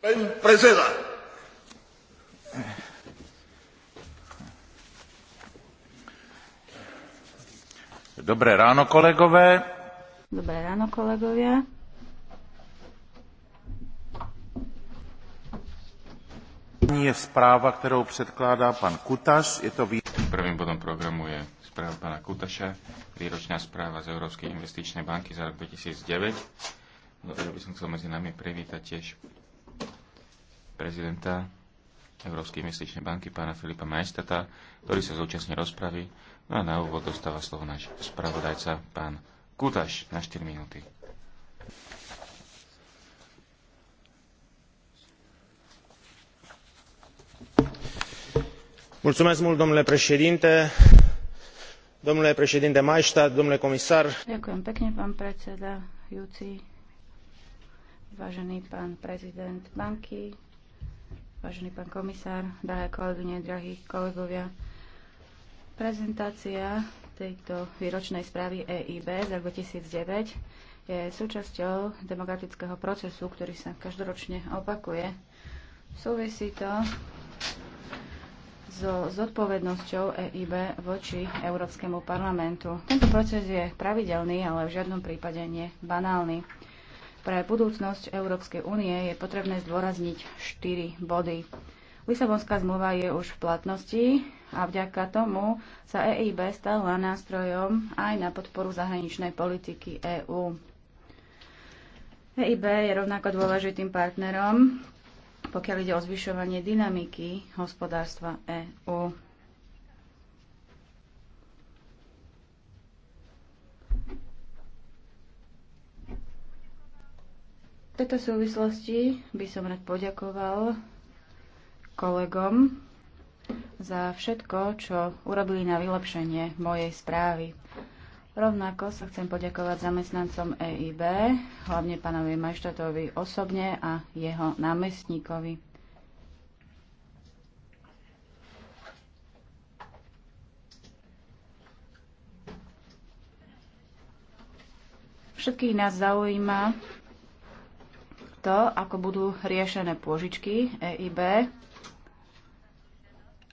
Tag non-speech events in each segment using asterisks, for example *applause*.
Pán predseda. Dobré ráno, kolegové. Dobré ráno, kolegovia. je správa, kterou předkládá pan Kutaš. Je to vý... Prvým bodom programu je správa pana Kutaša, výročná správa z Európskej investičnej banky za rok 2009. Dobre, by som chcel medzi nami privítať tiež prezidenta Európskej investičnej banky pána Filipa Majstata, ktorý sa zúčastní rozpravy. No a na úvod dostáva slovo náš spravodajca pán Kutaš na 4 minúty. Mulțumesc mult, domnule președinte, domnule președinte Maistat, domnule comisar. Ďakujem pekne, pán predseda Júci, vážený pán prezident banky, vážený pán komisár, drahé kolegyne, drahí kolegovia. Prezentácia tejto výročnej správy EIB za 2009 je súčasťou demokratického procesu, ktorý sa každoročne opakuje. Súvisí to so zodpovednosťou EIB voči Európskemu parlamentu. Tento proces je pravidelný, ale v žiadnom prípade nie banálny. Pre budúcnosť Európskej únie je potrebné zdôrazniť 4 body. Lisabonská zmluva je už v platnosti a vďaka tomu sa EIB stala nástrojom aj na podporu zahraničnej politiky EÚ. EIB je rovnako dôležitým partnerom, pokiaľ ide o zvyšovanie dynamiky hospodárstva EÚ. V tejto súvislosti by som rád poďakoval kolegom za všetko, čo urobili na vylepšenie mojej správy. Rovnako sa chcem poďakovať zamestnancom EIB, hlavne pánovi Majštatovi osobne a jeho námestníkovi. Všetkých nás zaujíma, to, ako budú riešené pôžičky EIB,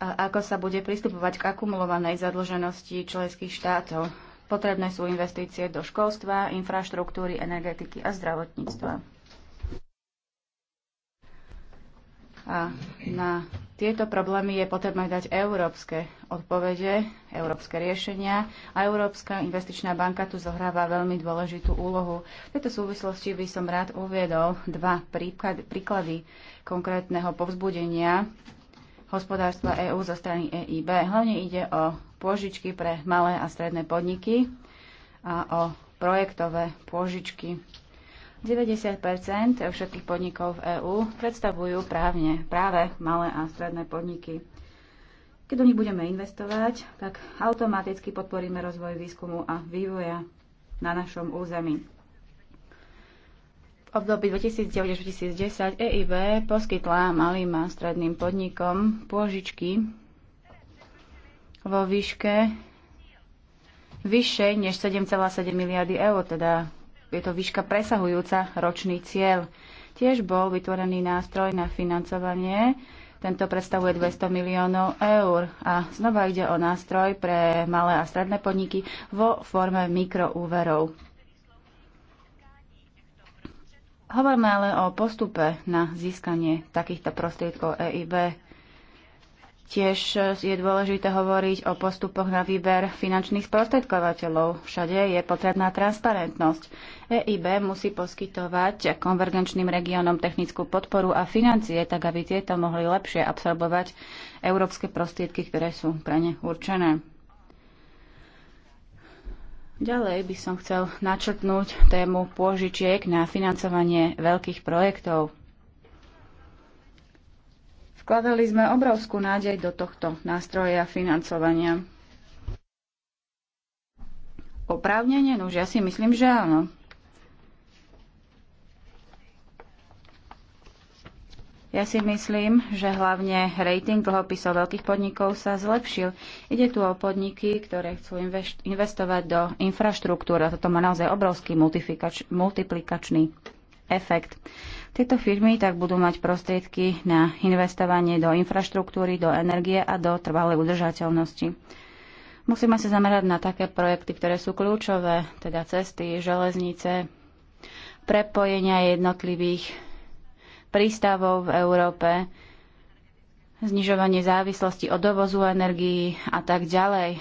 a ako sa bude pristupovať k akumulovanej zadlženosti členských štátov. Potrebné sú investície do školstva, infraštruktúry, energetiky a zdravotníctva. A na tieto problémy je potrebné dať európske odpovede, európske riešenia a Európska investičná banka tu zohráva veľmi dôležitú úlohu. V tejto súvislosti by som rád uviedol dva príklady konkrétneho povzbudenia hospodárstva EÚ zo strany EIB. Hlavne ide o pôžičky pre malé a stredné podniky a o projektové pôžičky 90 všetkých podnikov v EÚ predstavujú právne, práve malé a stredné podniky. Keď do nich budeme investovať, tak automaticky podporíme rozvoj výskumu a vývoja na našom území. V období 2009-2010 EIB poskytla malým a stredným podnikom pôžičky vo výške vyššej než 7,7 miliardy eur, teda je to výška presahujúca ročný cieľ. Tiež bol vytvorený nástroj na financovanie. Tento predstavuje 200 miliónov eur a znova ide o nástroj pre malé a stredné podniky vo forme mikroúverov. Hovoríme ale o postupe na získanie takýchto prostriedkov EIB. Tiež je dôležité hovoriť o postupoch na výber finančných sprostredkovateľov. Všade je potrebná transparentnosť. EIB musí poskytovať konvergenčným regiónom technickú podporu a financie, tak aby tieto mohli lepšie absorbovať európske prostriedky, ktoré sú pre ne určené. Ďalej by som chcel načrtnúť tému pôžičiek na financovanie veľkých projektov. Vkladali sme obrovskú nádej do tohto nástroja financovania. Oprávnenie? No už ja si myslím, že áno. Ja si myslím, že hlavne rating dlhopisov veľkých podnikov sa zlepšil. Ide tu o podniky, ktoré chcú investovať do infraštruktúry. Toto má naozaj obrovský multiplikačný efekt. Tieto firmy tak budú mať prostriedky na investovanie do infraštruktúry, do energie a do trvalej udržateľnosti. Musíme sa zamerať na také projekty, ktoré sú kľúčové, teda cesty, železnice, prepojenia jednotlivých prístavov v Európe, znižovanie závislosti od dovozu energií a tak ďalej.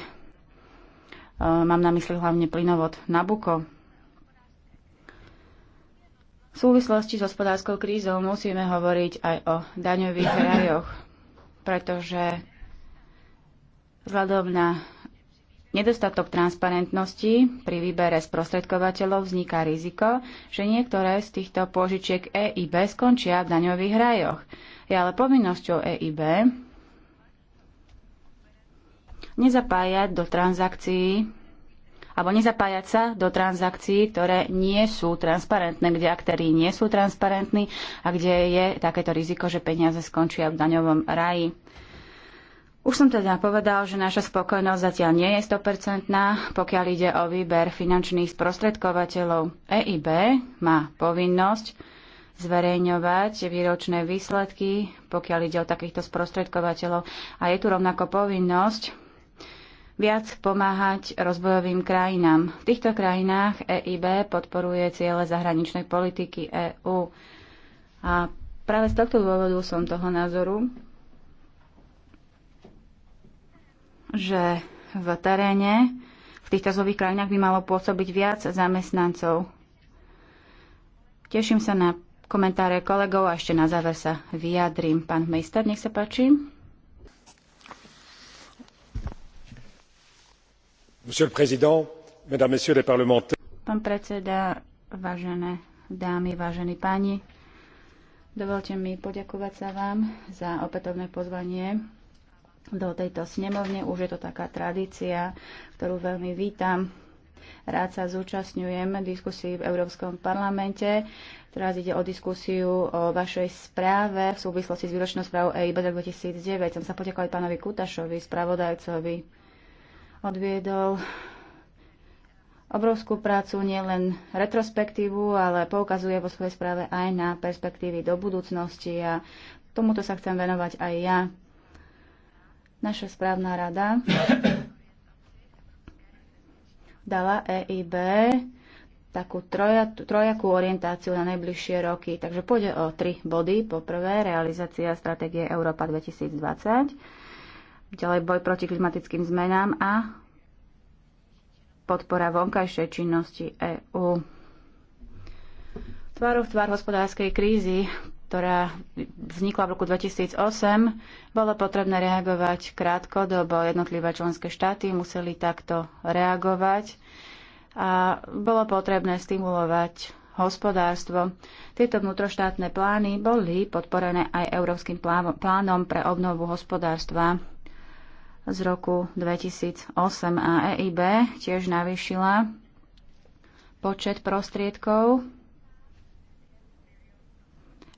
Ehm, mám na mysli hlavne plynovod Nabuko. V súvislosti s hospodárskou krízou musíme hovoriť aj o daňových *laughs* rajoch, pretože vzhľadom na nedostatok transparentnosti pri výbere sprostredkovateľov vzniká riziko, že niektoré z týchto pôžičiek EIB skončia v daňových rajoch. Je ale povinnosťou EIB nezapájať do transakcií alebo nezapájať sa do transakcií, ktoré nie sú transparentné, kde aktéry nie sú transparentní a kde je takéto riziko, že peniaze skončia v daňovom raji. Už som teda povedal, že naša spokojnosť zatiaľ nie je 100%, pokiaľ ide o výber finančných sprostredkovateľov. EIB má povinnosť zverejňovať výročné výsledky, pokiaľ ide o takýchto sprostredkovateľov. A je tu rovnako povinnosť viac pomáhať rozvojovým krajinám. V týchto krajinách EIB podporuje ciele zahraničnej politiky EÚ. A práve z tohto dôvodu som toho názoru, že v teréne v týchto zlových krajinách by malo pôsobiť viac zamestnancov. Teším sa na komentáre kolegov a ešte na záver sa vyjadrím. Pán Mejster, nech sa páči. Monsieur le Président, Mesdames, Messieurs les parlementaires. predseda, vážené dámy, vážení dovolte mi poďakovať sa vám za opätovné pozvanie do tejto snemovne. Už je to taká tradícia, ktorú veľmi vítam. Rád sa zúčastňujem diskusii v Európskom parlamente. Teraz ide o diskusiu o vašej správe v súvislosti s výročnou správou EIB 2009. E Chcem sa poďakovať pánovi Kutašovi, spravodajcovi odviedol obrovskú prácu, nielen retrospektívu, ale poukazuje vo svojej správe aj na perspektívy do budúcnosti a tomuto sa chcem venovať aj ja. Naša správna rada dala EIB takú troja, trojakú orientáciu na najbližšie roky. Takže pôjde o tri body. Po prvé, realizácia stratégie Európa 2020 ďalej boj proti klimatickým zmenám a podpora vonkajšej činnosti EÚ. Tváru v tvár hospodárskej krízy, ktorá vznikla v roku 2008, bolo potrebné reagovať krátkodobo. Jednotlivé členské štáty museli takto reagovať a bolo potrebné stimulovať hospodárstvo. Tieto vnútroštátne plány boli podporené aj Európskym plánom pre obnovu hospodárstva z roku 2008 a EIB tiež navýšila počet prostriedkov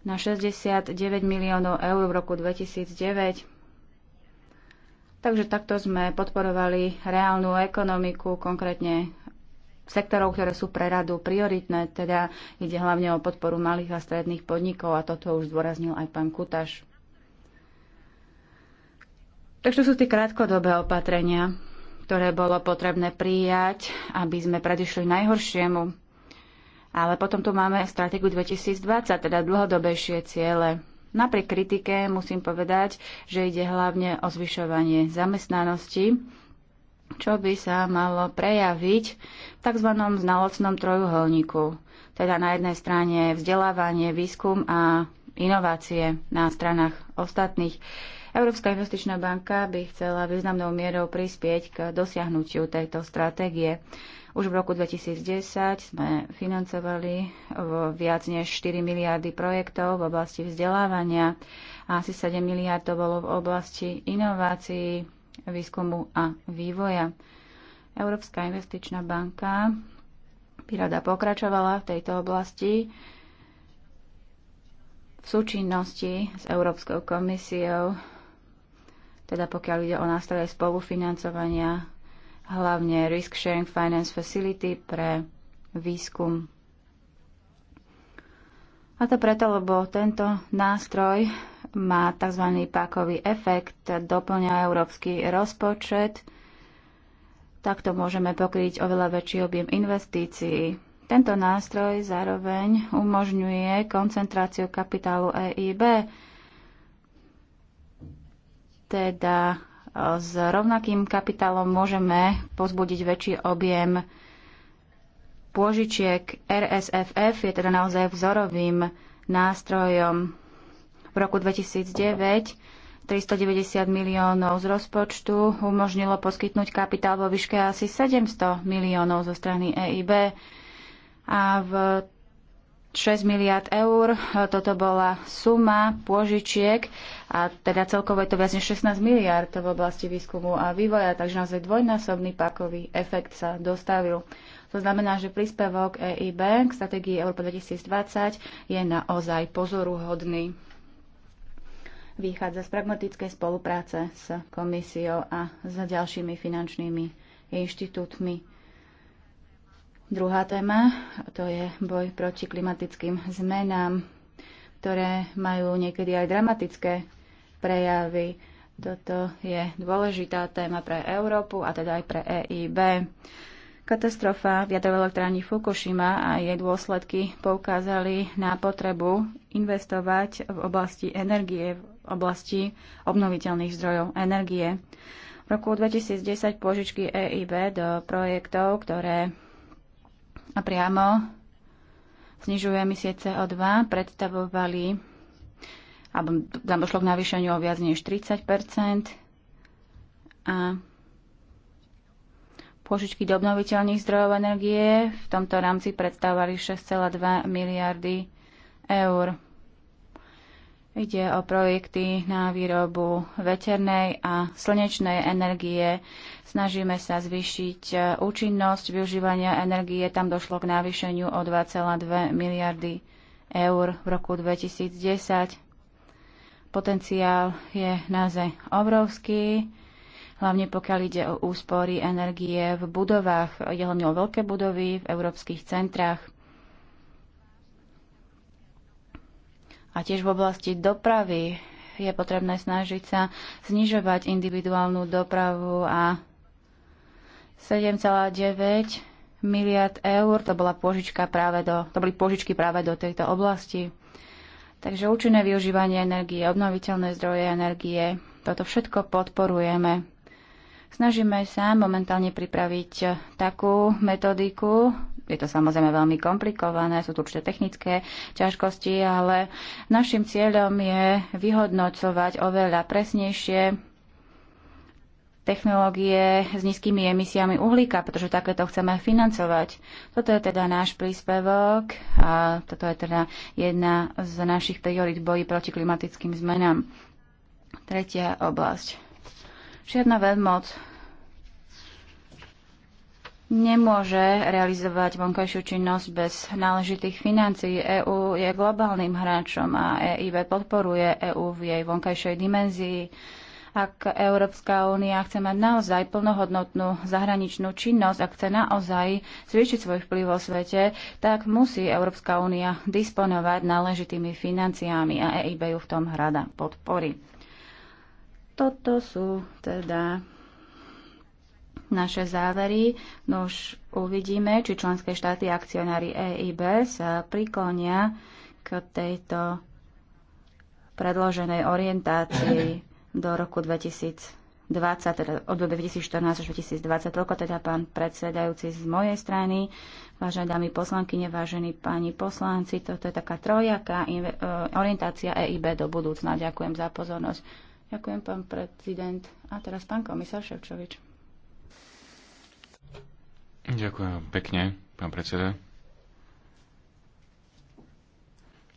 na 69 miliónov eur v roku 2009. Takže takto sme podporovali reálnu ekonomiku, konkrétne sektorov, ktoré sú pre radu prioritné, teda ide hlavne o podporu malých a stredných podnikov a toto už zdôraznil aj pán Kutaš. Takže sú tie krátkodobé opatrenia, ktoré bolo potrebné prijať, aby sme predišli najhoršiemu. Ale potom tu máme stratégiu 2020, teda dlhodobejšie ciele. Napriek kritike musím povedať, že ide hlavne o zvyšovanie zamestnanosti, čo by sa malo prejaviť v tzv. znalocnom trojuholníku. Teda na jednej strane vzdelávanie, výskum a inovácie na stranách ostatných. Európska investičná banka by chcela významnou mierou prispieť k dosiahnutiu tejto stratégie. Už v roku 2010 sme financovali viac než 4 miliardy projektov v oblasti vzdelávania a asi 7 miliard to bolo v oblasti inovácií, výskumu a vývoja. Európska investičná banka by rada pokračovala v tejto oblasti v súčinnosti s Európskou komisiou teda pokiaľ ide o nástroje spolufinancovania, hlavne Risk Sharing Finance Facility pre výskum. A to preto, lebo tento nástroj má tzv. pákový efekt, doplňa európsky rozpočet, takto môžeme pokryť oveľa väčší objem investícií. Tento nástroj zároveň umožňuje koncentráciu kapitálu EIB, teda e, s rovnakým kapitálom môžeme pozbudiť väčší objem pôžičiek. RSFF je teda naozaj vzorovým nástrojom. V roku 2009 390 miliónov z rozpočtu umožnilo poskytnúť kapitál vo výške asi 700 miliónov zo strany EIB. A v 6 miliard eur, toto bola suma pôžičiek a teda celkovo je to viac než 16 miliard v oblasti výskumu a vývoja, takže naozaj dvojnásobný pakový efekt sa dostavil. To znamená, že príspevok EIB k strategii Európa 2020 je naozaj pozoruhodný. Vychádza z pragmatickej spolupráce s komisiou a s ďalšími finančnými inštitútmi. Druhá téma, to je boj proti klimatickým zmenám, ktoré majú niekedy aj dramatické prejavy. Toto je dôležitá téma pre Európu a teda aj pre EIB. Katastrofa v jadrovej elektrárni Fukushima a jej dôsledky poukázali na potrebu investovať v oblasti energie, v oblasti obnoviteľných zdrojov energie. V roku 2010 požičky EIB do projektov, ktoré a priamo znižujú emisie CO2, predstavovali, alebo tam došlo k navýšeniu o viac než 30 a pôžičky do obnoviteľných zdrojov energie v tomto rámci predstavovali 6,2 miliardy eur. Ide o projekty na výrobu veternej a slnečnej energie. Snažíme sa zvýšiť e, účinnosť využívania energie. Tam došlo k navýšeniu o 2,2 miliardy eur v roku 2010. Potenciál je naozaj obrovský, hlavne pokiaľ ide o úspory energie v budovách. je hlavne o veľké budovy v európskych centrách. A tiež v oblasti dopravy je potrebné snažiť sa znižovať individuálnu dopravu a 7,9 miliard eur to, bola požička práve do, to boli požičky práve do tejto oblasti. Takže účinné využívanie energie, obnoviteľné zdroje energie, toto všetko podporujeme. Snažíme sa momentálne pripraviť takú metodiku, je to samozrejme veľmi komplikované, sú tu určite technické ťažkosti, ale našim cieľom je vyhodnocovať oveľa presnejšie technológie s nízkymi emisiami uhlíka, pretože takéto chceme financovať. Toto je teda náš príspevok a toto je teda jedna z našich priorit boji proti klimatickým zmenám. Tretia oblasť. Čierna veľmoc nemôže realizovať vonkajšiu činnosť bez náležitých financií. EÚ je globálnym hráčom a EIB podporuje EÚ v jej vonkajšej dimenzii. Ak Európska únia chce mať naozaj plnohodnotnú zahraničnú činnosť, a chce naozaj zvýšiť svoj vplyv vo svete, tak musí Európska únia disponovať náležitými financiami a EIB ju v tom hrada podpory. Toto sú teda naše závery, no už uvidíme, či členské štáty akcionári EIB sa priklonia k tejto predloženej orientácii do roku 2020, teda od 2014 až 2020. Toľko teda pán predsedajúci z mojej strany, vážené dámy poslankyne, vážení páni poslanci, toto je taká trojaká e, orientácia EIB do budúcna. Ďakujem za pozornosť. Ďakujem, pán prezident. A teraz pán komisár Ševčovič. Ďakujem pekne, pán predseda.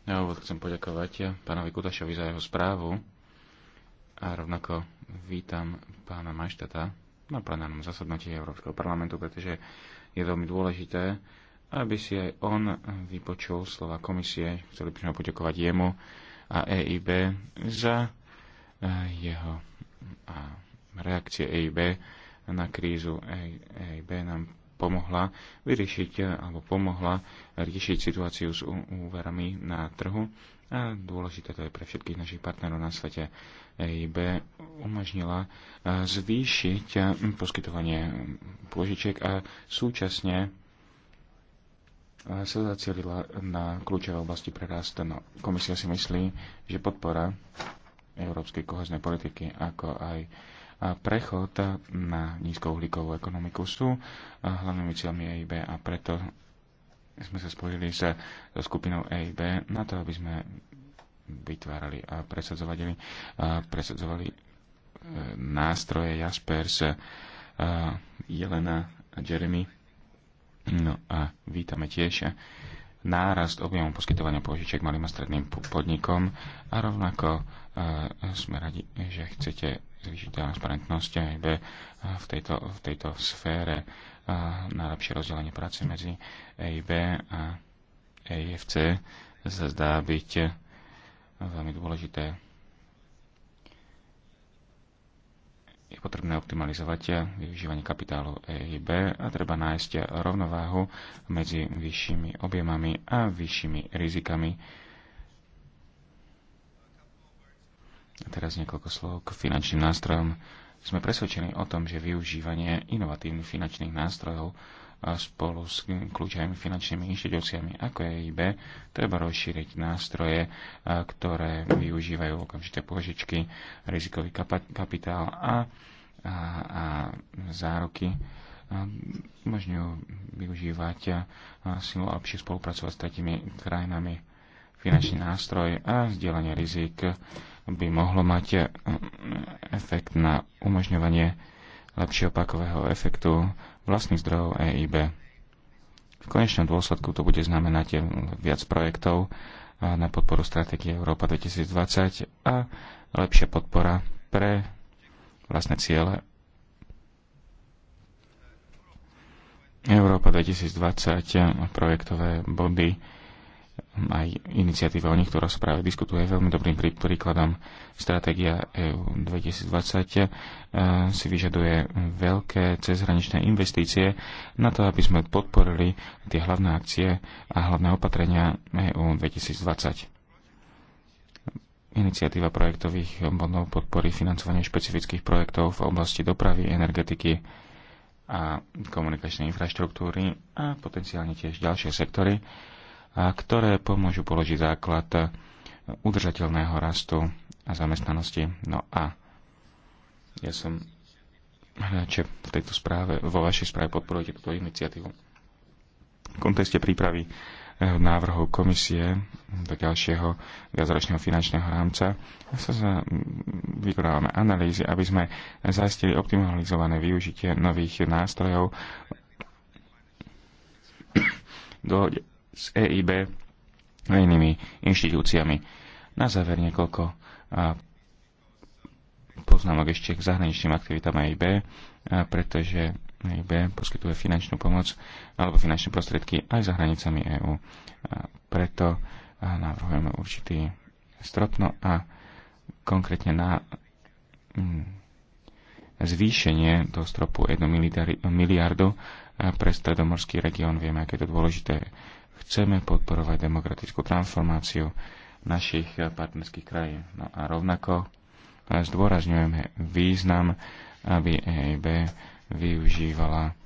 Na úvod chcem poďakovať pánovi Kutašovi za jeho správu a rovnako vítam pána Majštata na plenárnom zasadnutí Európskeho parlamentu, pretože je veľmi dôležité, aby si aj on vypočul slova komisie. Chceli by sme poďakovať jemu a EIB za eh, jeho reakcie EIB na krízu. EIB nám pomohla vyriešiť eh, alebo pomohla riešiť situáciu s úverami na trhu a dôležité to je pre všetkých našich partnerov na svete. EIB umožnila eh, zvýšiť eh, poskytovanie hm, pôžičiek a súčasne sa zacielila na kľúčové oblasti pre rast. No, komisia si myslí, že podpora európskej koheznej politiky, ako aj prechod na nízkouhlíkovú ekonomiku sú eh, hlavnými cieľmi EIB a preto sme sa spojili sa so skupinou EIB na to, aby sme vytvárali a presadzovali, a eh, presadzovali eh, nástroje Jaspers, Jelena a Jeremy. No a vítame tiež nárast objemu poskytovania požičiek malým a stredným podnikom a rovnako sme radi, že chcete zvýšiť transparentnosť aj v tejto, v tejto sfére na lepšie rozdelenie práce medzi EIB a EIFC sa zdá byť veľmi dôležité. Je potrebné optimalizovať využívanie kapitálu EIB a treba nájsť rovnováhu medzi vyššími objemami a vyššími rizikami, A teraz niekoľko slov k finančným nástrojom. Sme presvedčení o tom, že využívanie inovatívnych finančných nástrojov a spolu s kľúčovými finančnými inštitúciami ako je EIB treba rozšíriť nástroje, ktoré využívajú okamžité požičky, rizikový kapitál a, a, a záruky umožňujú využívať a, a silu a lepšie spolupracovať s tretimi krajinami finančný nástroj a zdieľanie rizik by mohlo mať eh, efekt na umožňovanie lepšieho pakového efektu vlastných zdrojov EIB. V konečnom dôsledku to bude znamenať eh, viac projektov eh, na podporu stratégie Európa 2020 a lepšia podpora pre vlastné ciele Európa 2020 projektové body aj iniciatíva, o ktorá sa práve diskutuje, veľmi dobrým príkladom. Stratégia EU 2020 e, si vyžaduje veľké cezhraničné investície na to, aby sme podporili tie hlavné akcie a hlavné opatrenia EU 2020 iniciatíva projektových bodov podpory financovania špecifických projektov v oblasti dopravy, energetiky a komunikačnej infraštruktúry a potenciálne tiež ďalšie sektory, a ktoré pomôžu položiť základ udržateľného rastu a zamestnanosti. No a ja som že v tejto správe, vo vašej správe podporujete túto iniciatívu. V kontexte prípravy eh, návrhov komisie do ďalšieho viacročného finančného rámca sa za, vykonávame analýzy, aby sme zaistili optimalizované využitie nových nástrojov do s EIB a inými inštitúciami. Na záver niekoľko poznámok ešte k zahraničným aktivitám EIB, pretože EIB poskytuje finančnú pomoc alebo finančné prostriedky aj za hranicami EÚ. Preto navrhujeme určitý stropno a konkrétne na mm, zvýšenie do stropu 1 miliardu pre stredomorský región. Vieme, aké je to dôležité Chceme podporovať demokratickú transformáciu našich partnerských krajín. No a rovnako zdôrazňujeme význam, aby EIB využívala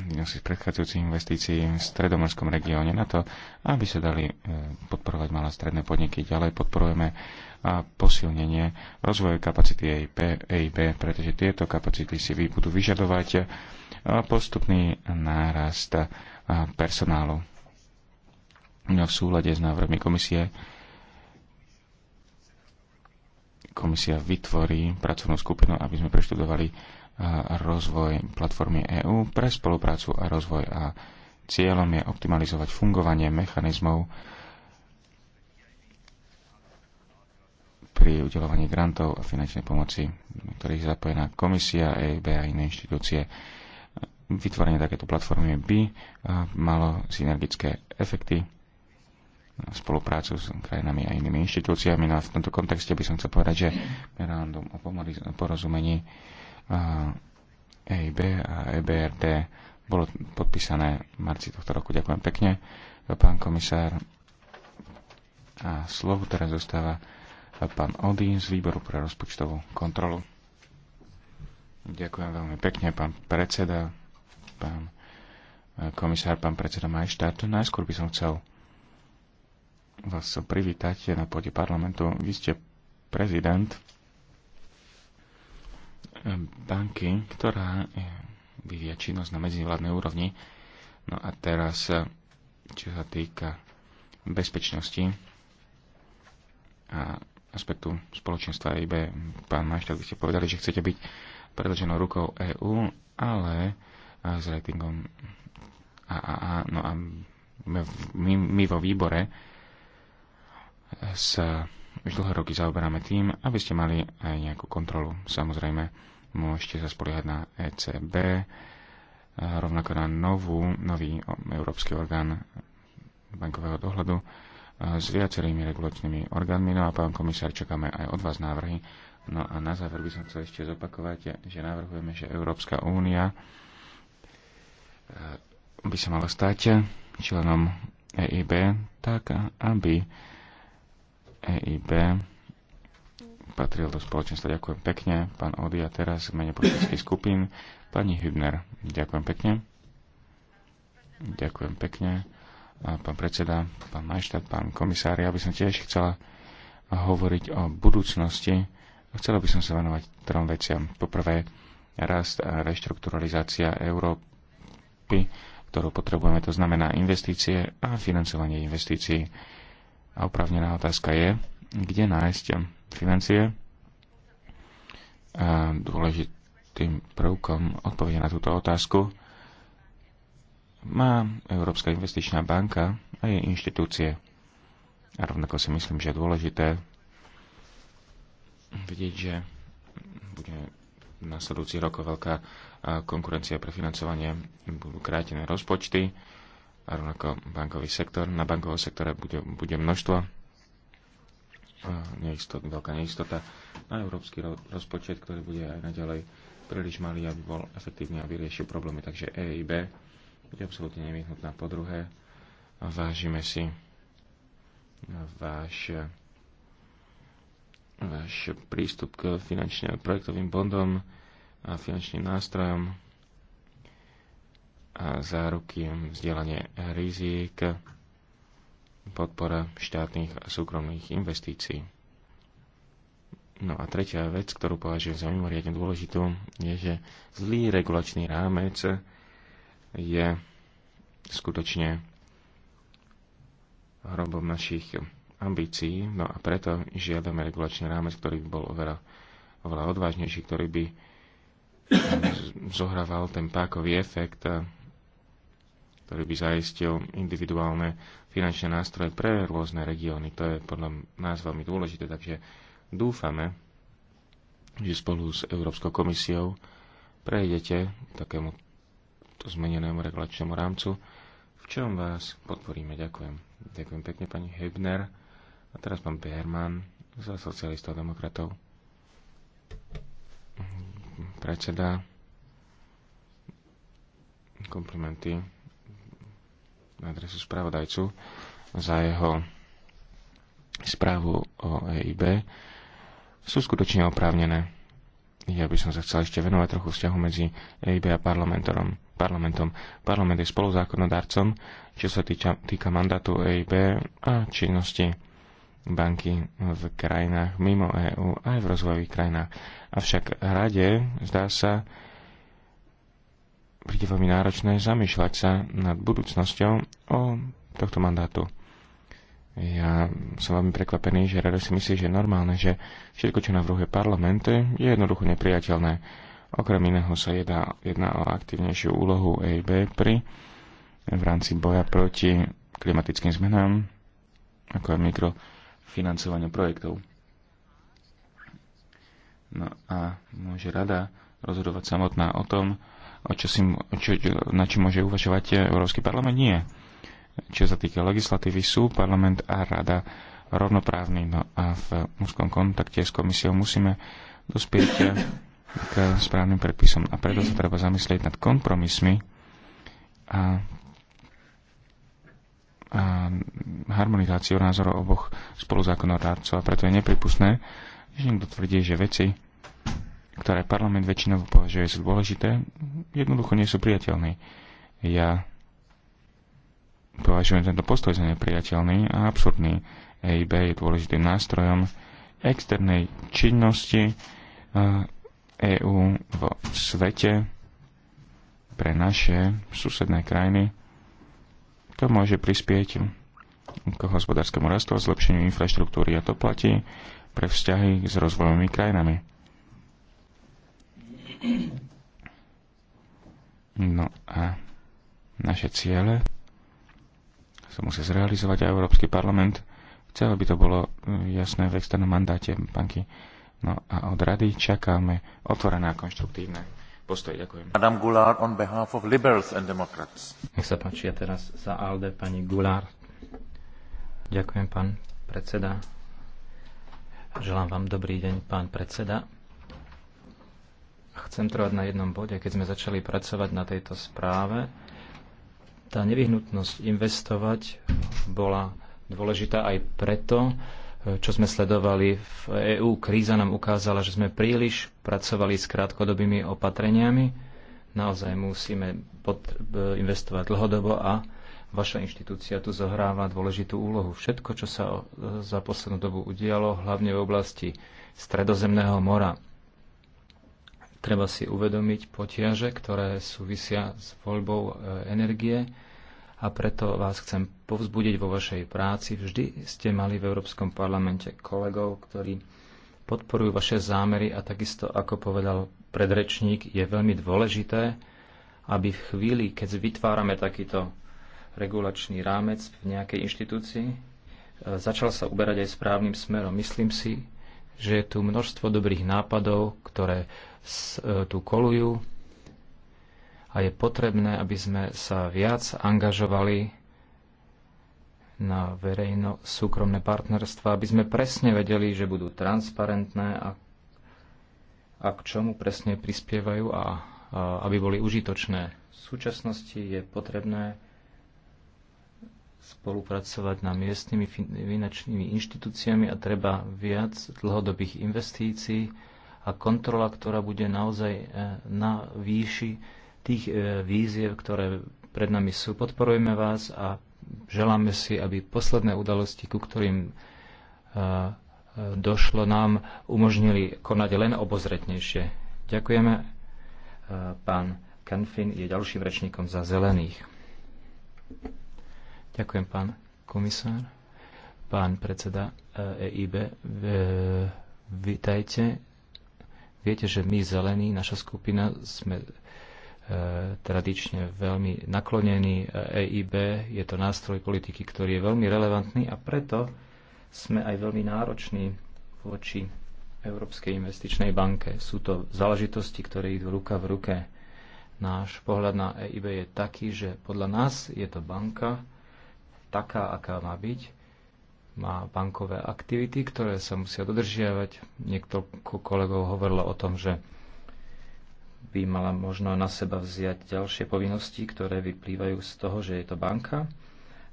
z predchádzajúcich investícií v stredomorskom regióne na to, aby sa dali e, podporovať malé stredné podniky. Ďalej podporujeme a e, posilnenie rozvoju kapacity EIB, e EIB, pretože tieto kapacity si budú vyžadovať postupný nárast personálu. No, v súlade s návrhmi komisie komisia vytvorí pracovnú skupinu, aby sme preštudovali rozvoj platformy EÚ pre spoluprácu a rozvoj a cieľom je optimalizovať fungovanie mechanizmov pri udelovaní grantov a finančnej pomoci, ktorých zapojená komisia, EIB a iné inštitúcie. Vytvorenie takéto platformy by eh, malo synergické efekty spoluprácu s krajinami a inými inštitúciami. No a v tomto kontexte by som chcel povedať, že memorandum o porozumení EIB eh, a EBRD bolo podpísané v marci tohto roku. Ďakujem pekne, pán komisár. A slovo teraz zostáva eh, pán Odín z výboru pre rozpočtovú kontrolu. Ďakujem veľmi pekne, pán predseda, pán e, komisár, pán predseda Majštát. Najskôr by som chcel vás privítať e, na pôde parlamentu. Vy ste prezident e, banky, ktorá vyvia činnosť na medzivládnej úrovni. No a teraz, čo sa týka bezpečnosti a aspektu spoločenstva IB, pán Majštát, vy ste povedali, že chcete byť predlženou rukou EÚ, ale s ratingom a, No a my, my vo výbore sa už dlhé roky zaoberáme tým, aby ste mali aj nejakú kontrolu. Samozrejme, môžete sa spoliehať na ECB, rovnako na novú, nový európsky orgán bankového dohľadu s viacerými regulačnými orgánmi. No a pán komisár, čakáme aj od vás návrhy. No a na záver by som chcel ešte zopakovať, že navrhujeme, že Európska únia by sa malo stať členom EIB, tak aby EIB patril do spoločenstva. Ďakujem pekne, pán Ody, a teraz v mene politických skupín pani Hübner. Ďakujem pekne. Ďakujem pekne. A pán predseda, pán majštát, pán komisár, ja by som tiež chcela hovoriť o budúcnosti. Chcela by som sa venovať trom veciam. Poprvé, rast a reštrukturalizácia Európy Európy, ktorú potrebujeme, to znamená investície a financovanie investícií. A opravnená otázka je, kde nájsť financie. A dôležitým prvkom odpovede na túto otázku má Európska investičná banka a jej inštitúcie. A rovnako si myslím, že je dôležité vidieť, že budeme nasledujúci rokov veľká konkurencia pre financovanie, budú krátené rozpočty a rovnako bankový sektor. Na bankovom sektore bude, bude množstvo neistot, veľká neistota na európsky rozpočet, ktorý bude aj naďalej príliš malý, aby bol efektívny a vyriešil problémy. Takže EIB je absolútne nevyhnutná. Po druhé, vážime si váš váš prístup k finančným projektovým bondom a finančným nástrojom a záruky vzdielanie rizik podpora štátnych a súkromných investícií. No a tretia vec, ktorú považujem za mimoriadne dôležitú, je, že zlý regulačný rámec je skutočne hrobom našich ambícií, no a preto žiadame regulačný rámec, ktorý by bol oveľa, oveľa odvážnejší, ktorý by zohrával ten pákový efekt, ktorý by zaistil individuálne finančné nástroje pre rôzne regióny. To je podľa nás veľmi dôležité, takže dúfame, že spolu s Európskou komisiou prejdete takému zmenenému regulačnému rámcu, v čom vás podporíme. Ďakujem. Ďakujem pekne, pani Hebner. A teraz pán Bierman za socialistov a demokratov. Predseda. Komplimenty na adresu spravodajcu za jeho správu o EIB sú skutočne oprávnené. Ja by som sa chcel ešte venovať trochu vzťahu medzi EIB a parlamentom. parlamentom. Parlament je spoluzákonodarcom, čo sa týka, týka mandátu EIB a činnosti banky v krajinách mimo EÚ aj v rozvojových krajinách. Avšak rade, zdá sa, príde veľmi náročné zamýšľať sa nad budúcnosťou o tohto mandátu. Ja som veľmi prekvapený, že rada si myslí, že je normálne, že všetko, čo navrhuje parlament, je jednoducho nepriateľné. Okrem iného sa jedná, jedná o aktívnejšiu úlohu EIB pri v rámci boja proti klimatickým zmenám, ako aj mikro financovania projektov. No a môže rada rozhodovať samotná o tom, o čo si, o čo, na čo môže uvažovať Európsky parlament? Nie. Čo sa týka legislatívy, sú parlament a rada rovnoprávny. No a v úzkom kontakte s komisiou musíme dospieť k správnym predpisom. A preto sa treba zamyslieť nad kompromismi a a harmonizáciu názorov oboch spoluzákonodárcov a preto je nepripustné, že niekto tvrdí, že veci, ktoré parlament väčšinou považuje sú dôležité, jednoducho nie sú priateľné. Ja považujem tento postoj za nepriateľný a absurdný. EIB je dôležitým nástrojom externej činnosti EÚ vo svete pre naše susedné krajiny to môže prispieť k hospodárskému rastu a zlepšeniu infraštruktúry a to platí pre vzťahy s rozvojovými krajinami. No a naše ciele sa musia zrealizovať a Európsky parlament chce, aby to bolo jasné v externom mandáte banky. No a od rady čakáme otvorené a konštruktívne postoj. Ďakujem. Madame Goulard on behalf of Liberals and Democrats. Nech sa páči, ja teraz za ALDE pani Goulard. Ďakujem, pán predseda. Želám vám dobrý deň, pán predseda. Chcem trvať na jednom bode. Keď sme začali pracovať na tejto správe, tá nevyhnutnosť investovať bola dôležitá aj preto, čo sme sledovali v EÚ. Kríza nám ukázala, že sme príliš pracovali s krátkodobými opatreniami. Naozaj musíme e, investovať dlhodobo a vaša inštitúcia tu zohráva dôležitú úlohu. Všetko, čo sa za poslednú dobu udialo, hlavne v oblasti Stredozemného mora, treba si uvedomiť potiaže, ktoré súvisia s voľbou e, energie a preto vás chcem povzbudiť vo vašej práci. Vždy ste mali v Európskom parlamente kolegov, ktorí podporujú vaše zámery a takisto, ako povedal predrečník, je veľmi dôležité, aby v chvíli, keď vytvárame takýto regulačný rámec v nejakej inštitúcii, e, začal sa uberať aj správnym smerom. Myslím si, že je tu množstvo dobrých nápadov, ktoré e, tu kolujú a je potrebné, aby sme sa viac angažovali na verejno-súkromné partnerstva, aby sme presne vedeli, že budú transparentné a, a k čomu presne prispievajú a, a aby boli užitočné. V súčasnosti je potrebné spolupracovať na miestnymi finančnými inštitúciami a treba viac dlhodobých investícií a kontrola, ktorá bude naozaj e, na výši tých e, víziev, ktoré pred nami sú. Podporujeme vás a želáme si, aby posledné udalosti, ku ktorým e, e, došlo nám, umožnili konať len obozretnejšie. Ďakujeme. Pán Kanfin je ďalším rečníkom za zelených. Ďakujem, pán komisár. Pán predseda EIB, vítajte. Viete, že my zelení, naša skupina, sme E, tradične veľmi naklonený EIB. E je to nástroj politiky, ktorý je veľmi relevantný a preto sme aj veľmi nároční voči Európskej investičnej banke. Sú to záležitosti, ktoré idú ruka v ruke. Náš pohľad na EIB je taký, že podľa nás je to banka taká, aká má byť. Má bankové aktivity, ktoré sa musia dodržiavať. Niekto kolegov hovorilo o tom, že by mala možno na seba vziať ďalšie povinnosti, ktoré vyplývajú z toho, že je to banka.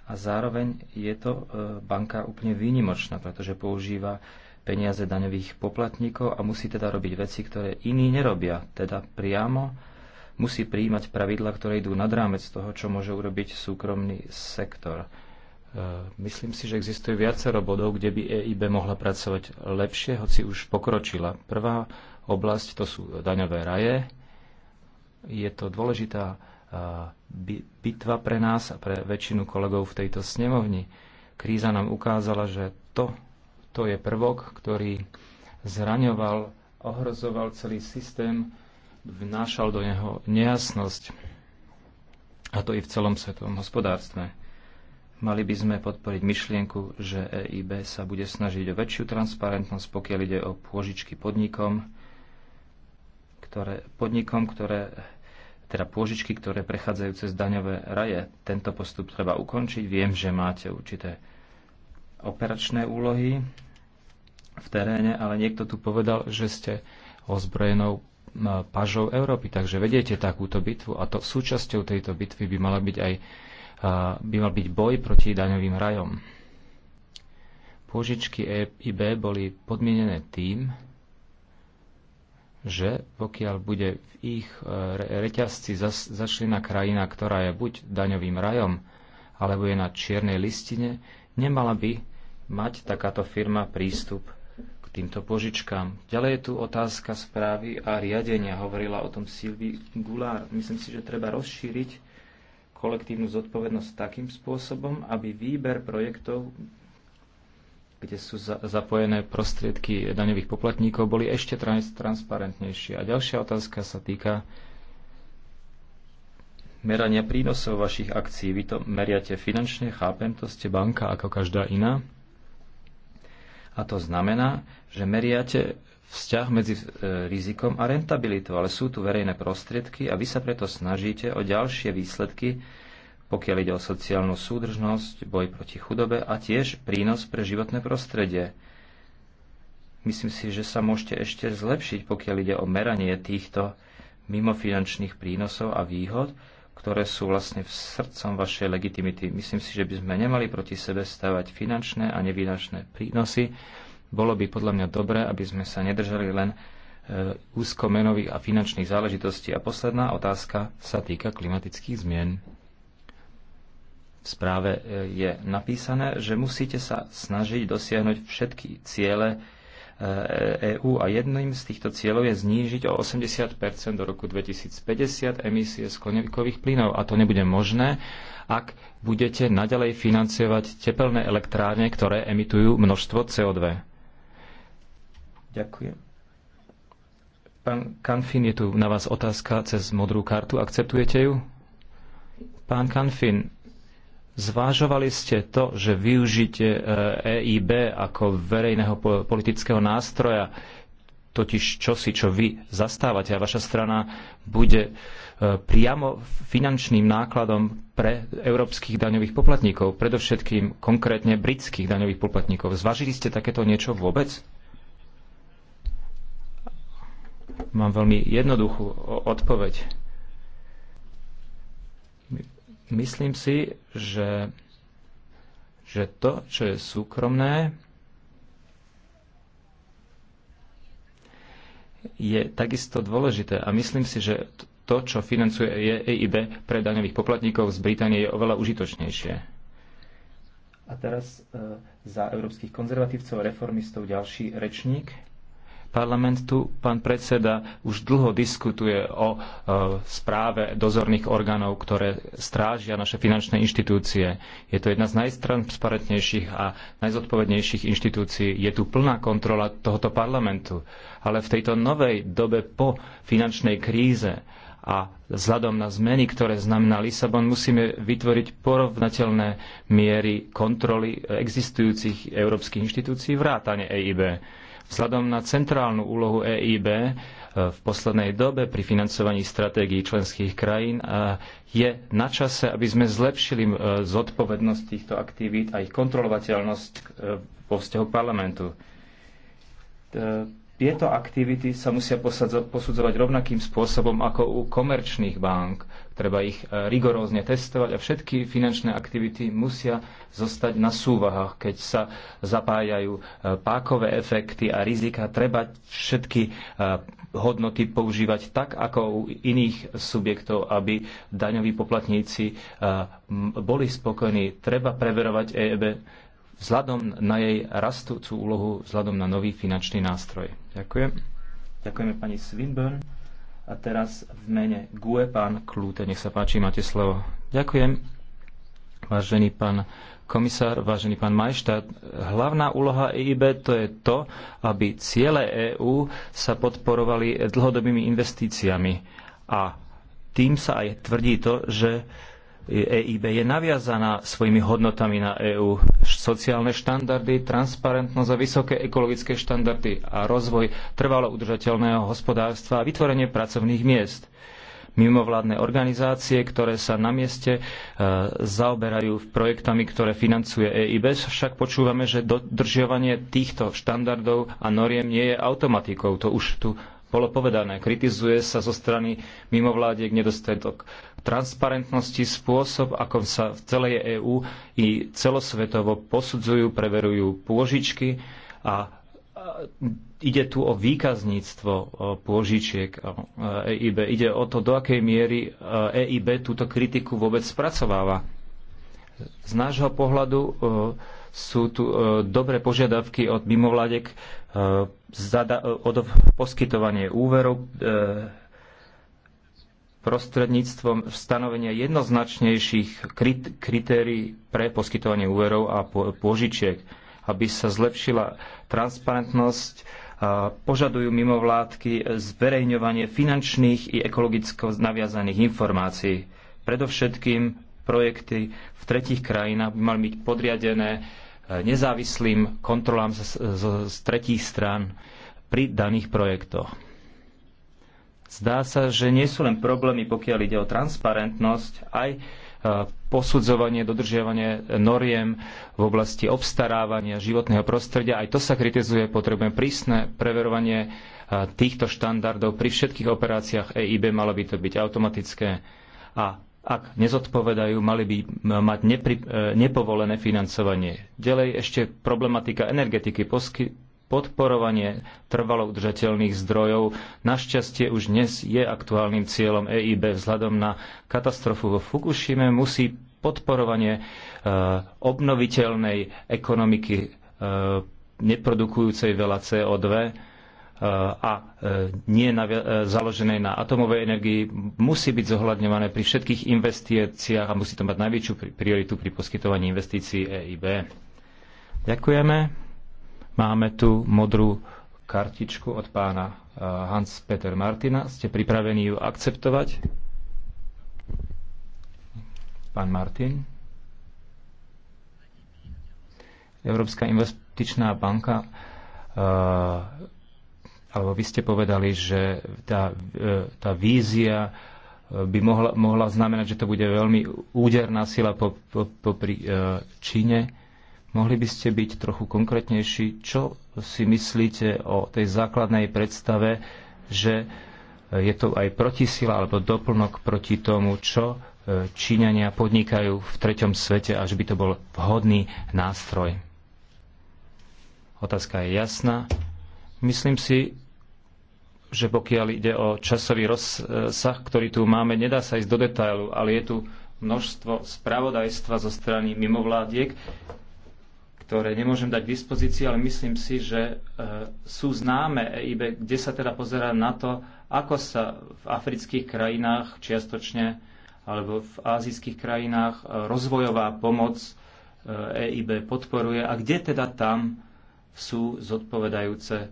A zároveň je to e, banka úplne výnimočná, pretože používa peniaze daňových poplatníkov a musí teda robiť veci, ktoré iní nerobia. Teda priamo musí prijímať pravidla, ktoré idú nad rámec toho, čo môže urobiť súkromný sektor. E, myslím si, že existuje viacero bodov, kde by EIB mohla pracovať lepšie, hoci už pokročila. Prvá oblasť to sú daňové raje, je to dôležitá bitva pre nás a pre väčšinu kolegov v tejto snemovni. Kríza nám ukázala, že to, to je prvok, ktorý zraňoval, ohrozoval celý systém, vnášal do neho nejasnosť. A to i v celom svetovom hospodárstve. Mali by sme podporiť myšlienku, že EIB sa bude snažiť o väčšiu transparentnosť, pokiaľ ide o pôžičky podnikom, ktoré, podnikom, ktoré teda pôžičky, ktoré prechádzajú cez daňové raje. Tento postup treba ukončiť. Viem, že máte určité operačné úlohy v teréne, ale niekto tu povedal, že ste ozbrojenou pažou Európy, takže vediete takúto bitvu a to súčasťou tejto bitvy by, mala byť aj, by mal byť boj proti daňovým rajom. Pôžičky EIB boli podmienené tým, že pokiaľ bude v ich e, reťazci začlená krajina, ktorá je buď daňovým rajom, alebo je na čiernej listine, nemala by mať takáto firma prístup k týmto požičkám. Ďalej je tu otázka správy a riadenia. Hovorila o tom Silvi Gulár. Myslím si, že treba rozšíriť kolektívnu zodpovednosť takým spôsobom, aby výber projektov kde sú za, zapojené prostriedky daňových poplatníkov, boli ešte trans, transparentnejšie. A ďalšia otázka sa týka merania prínosov vašich akcií. Vy to meriate finančne, chápem, to ste banka ako každá iná. A to znamená, že meriate vzťah medzi e, rizikom a rentabilitou, ale sú tu verejné prostriedky a vy sa preto snažíte o ďalšie výsledky, pokiaľ ide o sociálnu súdržnosť, boj proti chudobe a tiež prínos pre životné prostredie. Myslím si, že sa môžete ešte zlepšiť, pokiaľ ide o meranie týchto mimofinančných prínosov a výhod, ktoré sú vlastne v srdcom vašej legitimity. Myslím si, že by sme nemali proti sebe stavať finančné a nevinačné prínosy. Bolo by podľa mňa dobré, aby sme sa nedržali len e, úzko menových a finančných záležitostí. A posledná otázka sa týka klimatických zmien správe e, je napísané, že musíte sa snažiť dosiahnuť všetky ciele EÚ e a jedným z týchto cieľov je znížiť o 80 do roku 2050 emisie skleníkových plynov a to nebude možné, ak budete naďalej financovať tepelné elektrárne, ktoré emitujú množstvo CO2. Ďakujem. Pán Kanfin, je tu na vás otázka cez modrú kartu. Akceptujete ju? Pán Kanfin, Zvážovali ste to, že využite EIB eh, e ako verejného politického nástroja, totiž čosi, čo vy zastávate a vaša strana bude eh, priamo finančným nákladom pre európskych daňových poplatníkov, predovšetkým konkrétne britských daňových poplatníkov. Zvážili ste takéto niečo vôbec? Mám veľmi jednoduchú odpoveď Myslím si, že, že to, čo je súkromné, je takisto dôležité. A myslím si, že to, čo financuje EIB e pre daňových poplatníkov z Británie, je oveľa užitočnejšie. A teraz e, za európskych konzervatívcov reformistov ďalší rečník. Parlament tu, pán predseda, už dlho diskutuje o e, správe dozorných orgánov, ktoré strážia naše finančné inštitúcie. Je to jedna z najtransparentnejších a najzodpovednejších inštitúcií. Je tu plná kontrola tohoto parlamentu. Ale v tejto novej dobe po finančnej kríze a vzhľadom na zmeny, ktoré znamená Lisabon, musíme vytvoriť porovnateľné miery kontroly existujúcich európskych inštitúcií vrátane EIB. Vzhľadom na centrálnu úlohu EIB e, v poslednej dobe pri financovaní stratégií členských krajín e, je na čase, aby sme zlepšili e, zodpovednosť týchto aktivít a ich kontrolovateľnosť vo vzťahu parlamentu. Tieto aktivity sa musia posudzovať rovnakým spôsobom ako u komerčných bank, treba ich e, rigorózne testovať a všetky finančné aktivity musia zostať na súvahách. Keď sa zapájajú e, pákové efekty a rizika, treba všetky e, hodnoty používať tak, ako u iných subjektov, aby daňoví poplatníci boli spokojní. Treba preverovať EEB vzhľadom na jej rastúcu úlohu, vzhľadom na nový finančný nástroj. Ďakujem. Ďakujeme pani Swinburne. A teraz v mene GUE pán Klúte, nech sa páči, máte slovo. Ďakujem. Vážený pán komisár, vážený pán Majštát, hlavná úloha EIB to je to, aby ciele EÚ sa podporovali dlhodobými investíciami. A tým sa aj tvrdí to, že EIB je naviazaná svojimi hodnotami na EÚ. Sociálne štandardy, transparentnosť a vysoké ekologické štandardy a rozvoj trvalo udržateľného hospodárstva a vytvorenie pracovných miest. Mimovládne organizácie, ktoré sa na mieste e, zaoberajú projektami, ktoré financuje EIB, však počúvame, že dodržiavanie týchto štandardov a noriem nie je automatikou. To už tu bolo povedané. Kritizuje sa zo strany mimovládiek nedostatok transparentnosti spôsob, ako sa v celej EÚ i celosvetovo posudzujú, preverujú pôžičky a ide tu o výkazníctvo pôžičiek EIB. Ide o to, do akej miery EIB túto kritiku vôbec spracováva. Z nášho pohľadu e, sú tu e, dobré požiadavky od mimovládek e, poskytovanie úverov prostredníctvom stanovenia jednoznačnejších krit- kritérií pre poskytovanie úverov a po- požičiek, aby sa zlepšila transparentnosť. A požadujú mimovládky zverejňovanie finančných i ekologicko naviazaných informácií. Predovšetkým projekty v tretich krajinách by mali byť podriadené e, nezávislým kontrolám z, z, z tretích strán pri daných projektoch Zdá sa, že nie sú len problémy, pokiaľ ide o transparentnosť, aj e, posudzovanie, dodržiavanie noriem v oblasti obstarávania životného prostredia. Aj to sa kritizuje, potrebujeme prísne preverovanie e, týchto štandardov pri všetkých operáciách EIB, malo by to byť automatické a ak nezodpovedajú, mali by mať nepri, e, nepovolené financovanie. Ďalej ešte problematika energetiky. Posky, podporovanie trvalo udržateľných zdrojov našťastie už dnes je aktuálnym cieľom EIB vzhľadom na katastrofu vo Fukushime musí podporovanie e, obnoviteľnej ekonomiky e, neprodukujúcej veľa CO2 e, a nie na, založenej na atomovej energii musí byť zohľadňované pri všetkých investíciách a musí to mať najväčšiu prioritu pri poskytovaní investícií EIB. Ďakujeme. Máme tu modrú kartičku od pána eh, Hans-Peter Martina. Ste pripravení ju akceptovať? Pán Martin. Európska investičná banka eh, alebo vy ste povedali, že tá, eh, tá vízia by mohla, mohla znamenať, že to bude veľmi úderná sila po, po, po pri, Číne Mohli by ste byť trochu konkrétnejší, čo si myslíte o tej základnej predstave, že je to aj protisila alebo doplnok proti tomu, čo e, Číňania podnikajú v treťom svete a že by to bol vhodný nástroj. Otázka je jasná. Myslím si, že pokiaľ ide o časový rozsah, ktorý tu máme, nedá sa ísť do detailu, ale je tu množstvo spravodajstva zo strany mimovládiek, ktoré nemôžem dať k dispozícii, ale myslím si, že e, sú známe EIB, kde sa teda pozerá na to, ako sa v afrických krajinách čiastočne alebo v azijských krajinách e, rozvojová pomoc EIB e podporuje a kde teda tam sú zodpovedajúce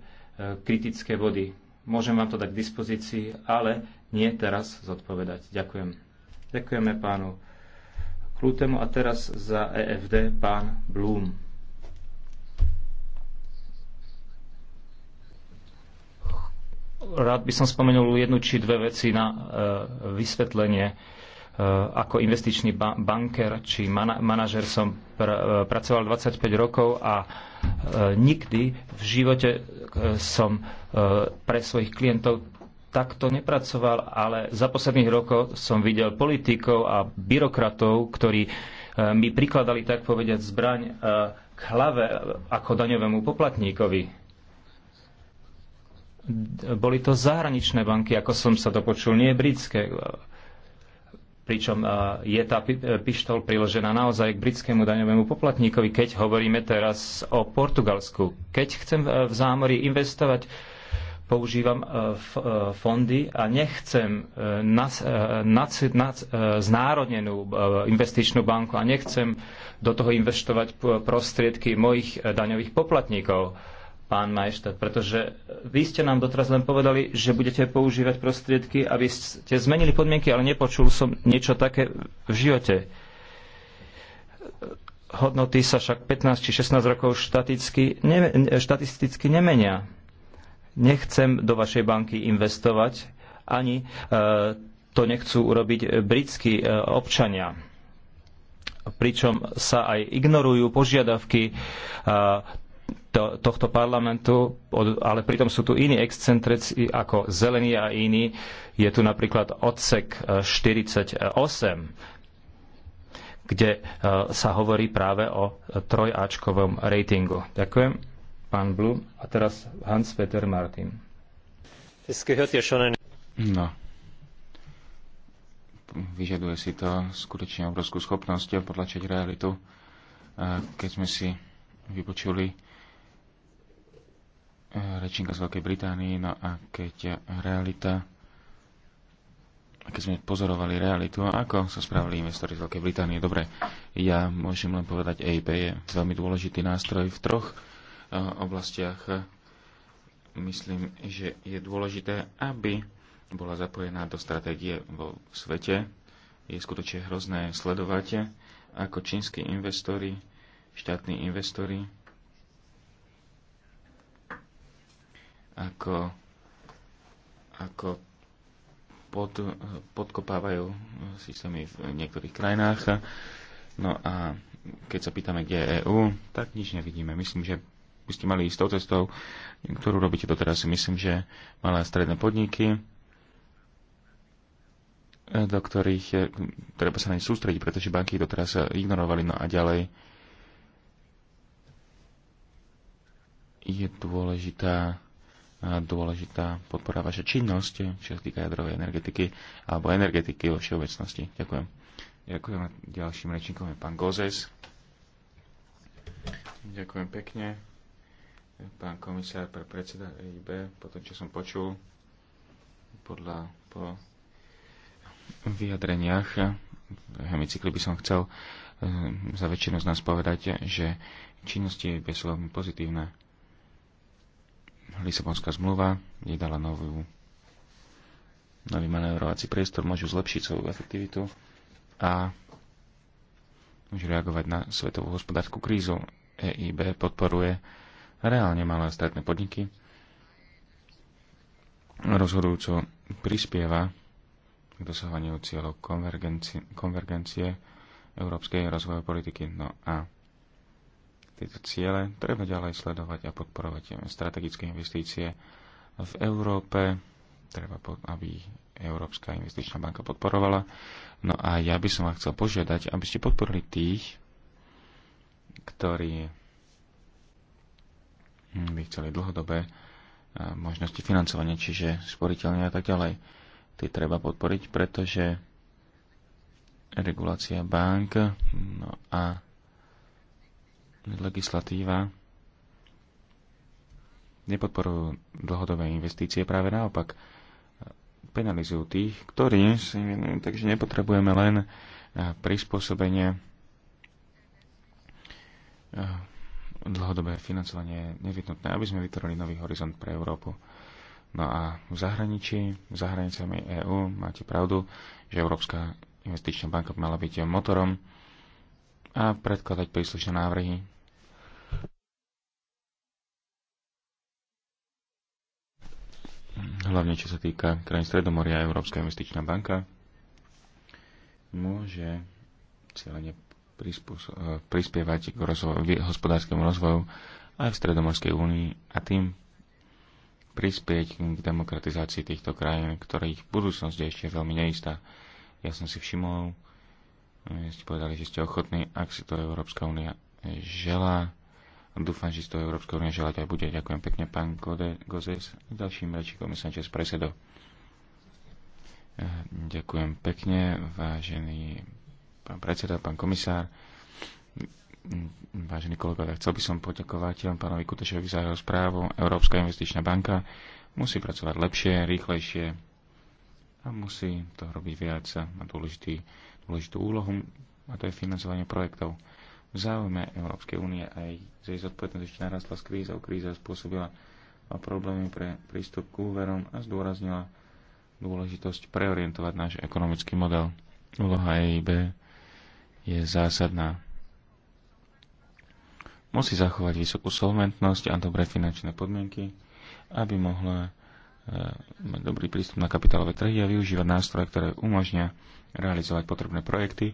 kritické body. Môžem vám to dať k dispozícii, ale nie teraz zodpovedať. Ďakujem. Ďakujeme pánu Klutemu a teraz za EFD pán Blum. rád by som spomenul jednu či dve veci na e, vysvetlenie. E, ako investičný banker či manažer som pr- e, pracoval 25 rokov a nikdy v živote som pre svojich klientov takto nepracoval, ale za posledných rokov som videl politikov a byrokratov, ktorí mi prikladali, tak povedať, zbraň k hlave ako daňovému poplatníkovi boli to zahraničné banky, ako som sa dopočul, nie britské. Pričom e, je tá e, pištol priložená naozaj k britskému daňovému poplatníkovi, keď hovoríme teraz o Portugalsku. Keď chcem e, v zámori investovať, používam fondy a nechcem nas, nas, nas, znárodnenú investičnú banku a nechcem do toho investovať prostriedky mojich daňových poplatníkov pán Majštát, pretože vy ste nám doteraz len povedali, že budete používať prostriedky, aby ste zmenili podmienky, ale nepočul som niečo také v živote. Hodnoty sa však 15 či 16 rokov štaticky, ne, štatisticky nemenia. Nechcem do vašej banky investovať, ani e, to nechcú urobiť britskí e, občania pričom sa aj ignorujú požiadavky e, to, tohto parlamentu, ale pritom sú tu iní excentrici ako zelení a iní. Je tu napríklad odsek 48, e, kde e, sa hovorí práve o trojáčkovom ratingu. Ďakujem, pán Blum. A teraz Hans-Peter Martin. No. Vyžaduje si to skutočne obrovskú schopnosť potlačiť realitu. E, keď sme si vypočuli rečníka z Veľkej Británii, no a keď realita, keď sme pozorovali realitu, a ako sa správali investori z Veľkej Británie, dobre, ja môžem len povedať, EIB je veľmi dôležitý nástroj v troch e, oblastiach. Myslím, že je dôležité, aby bola zapojená do stratégie vo svete. Je skutočne hrozné sledovať, ako čínsky investori, štátni investori, ako, ako pod, podkopávajú systémy v niektorých krajinách. No a keď sa pýtame, kde je EÚ, tak nič nevidíme. Myslím, že by ste mali ísť tou cestou, ktorú robíte doteraz. Myslím, že malé a stredné podniky, do ktorých treba sa na ne sústrediť, pretože banky doteraz ignorovali. No a ďalej je dôležitá dôležitá podpora vaša činnosť, čo sa týka jadrovej energetiky alebo energetiky vo všeobecnosti. Ďakujem. Ďakujem ďalším rečníkom je pán Gozes. Ďakujem pekne. Pán komisár pre predseda EIB, po tom, čo som počul, podľa po vyjadreniach v hemicykli by som chcel eh, za väčšinu z nás povedať, že činnosti EIB sú veľmi pozitívne Lisabonská zmluva jej dala novú, nový manévrovací priestor, môžu zlepšiť svoju efektivitu a môžu reagovať na svetovú hospodárskú krízu. EIB podporuje reálne malé stredné podniky, rozhodujúco prispieva k dosahovaniu cieľov konvergencie, konvergencie európskej rozvojovej politiky. No a tieto ciele treba ďalej sledovať a podporovať strategické investície v Európe, treba, aby Európska investičná banka podporovala. No a ja by som vás chcel požiadať, aby ste podporili tých, ktorí by chceli dlhodobé možnosti financovania, čiže sporiteľne a tak ďalej. Tie treba podporiť, pretože regulácia bank no a legislatíva nepodporujú dlhodobé investície, práve naopak penalizujú tých, ktorí si venujú, takže nepotrebujeme len eh, prispôsobenie eh, dlhodobé financovanie je nevyhnutné, aby sme vytvorili nový horizont pre Európu. No a v zahraničí, v hranicami EÚ, máte pravdu, že Európska investičná banka mala byť motorom a predkladať príslušné návrhy hlavne čo sa týka krajín Stredomoria, a Európska investičná banka môže cieľene eh, prispievať k rozvoju, hospodárskému rozvoju aj v Stredomorskej únii a tým prispieť k demokratizácii týchto krajín, ktorých budúcnosť je ešte veľmi neistá. Ja som si všimol, eh, ste povedali, že ste ochotní, ak si to Európska únia želá, Dúfam, že z toho Európska únie želať aj bude. Ďakujem pekne, pán Gode, Gozes. Ďalším rečíkom je Sanchez Presedo. Eh, ďakujem pekne, vážený pán predseda, pán komisár. Vážení kolegovia, chcel by som poďakovať pánovi Kutešovi za jeho správu. Európska investičná banka musí pracovať lepšie, rýchlejšie a musí to robiť viac. Má dôležitý, dôležitú úlohu a to je financovanie projektov. V záujme Európskej únie aj z jej zodpovednosti ešte narastla s krízou. Kríza spôsobila problémy pre prístup k úverom a zdôraznila dôležitosť preorientovať náš ekonomický model. Úloha EIB je zásadná. Musí zachovať vysokú solventnosť a dobré finančné podmienky, aby mohla e, mať dobrý prístup na kapitálové trhy a využívať nástroje, ktoré umožňa realizovať potrebné projekty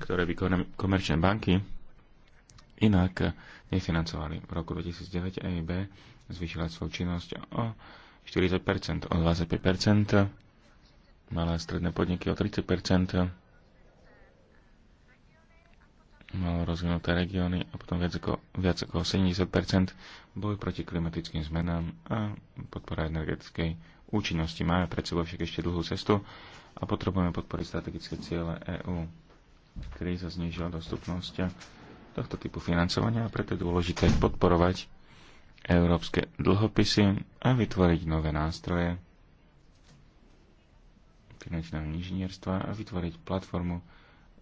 ktoré by komerčné banky inak nefinancovali. V roku 2009 EIB zvýšila svoju činnosť o 40%, o 25%, malé a stredné podniky o 30%, malo rozvinuté regióny a potom viac ako, viac ako 70 boj proti klimatickým zmenám a podpora energetickej účinnosti. Máme pred sebou však ešte dlhú cestu a potrebujeme podporiť strategické ciele EÚ kríza znižila dostupnosť tohto typu financovania a preto je dôležité podporovať európske dlhopisy a vytvoriť nové nástroje finančného inžinierstva a vytvoriť platformu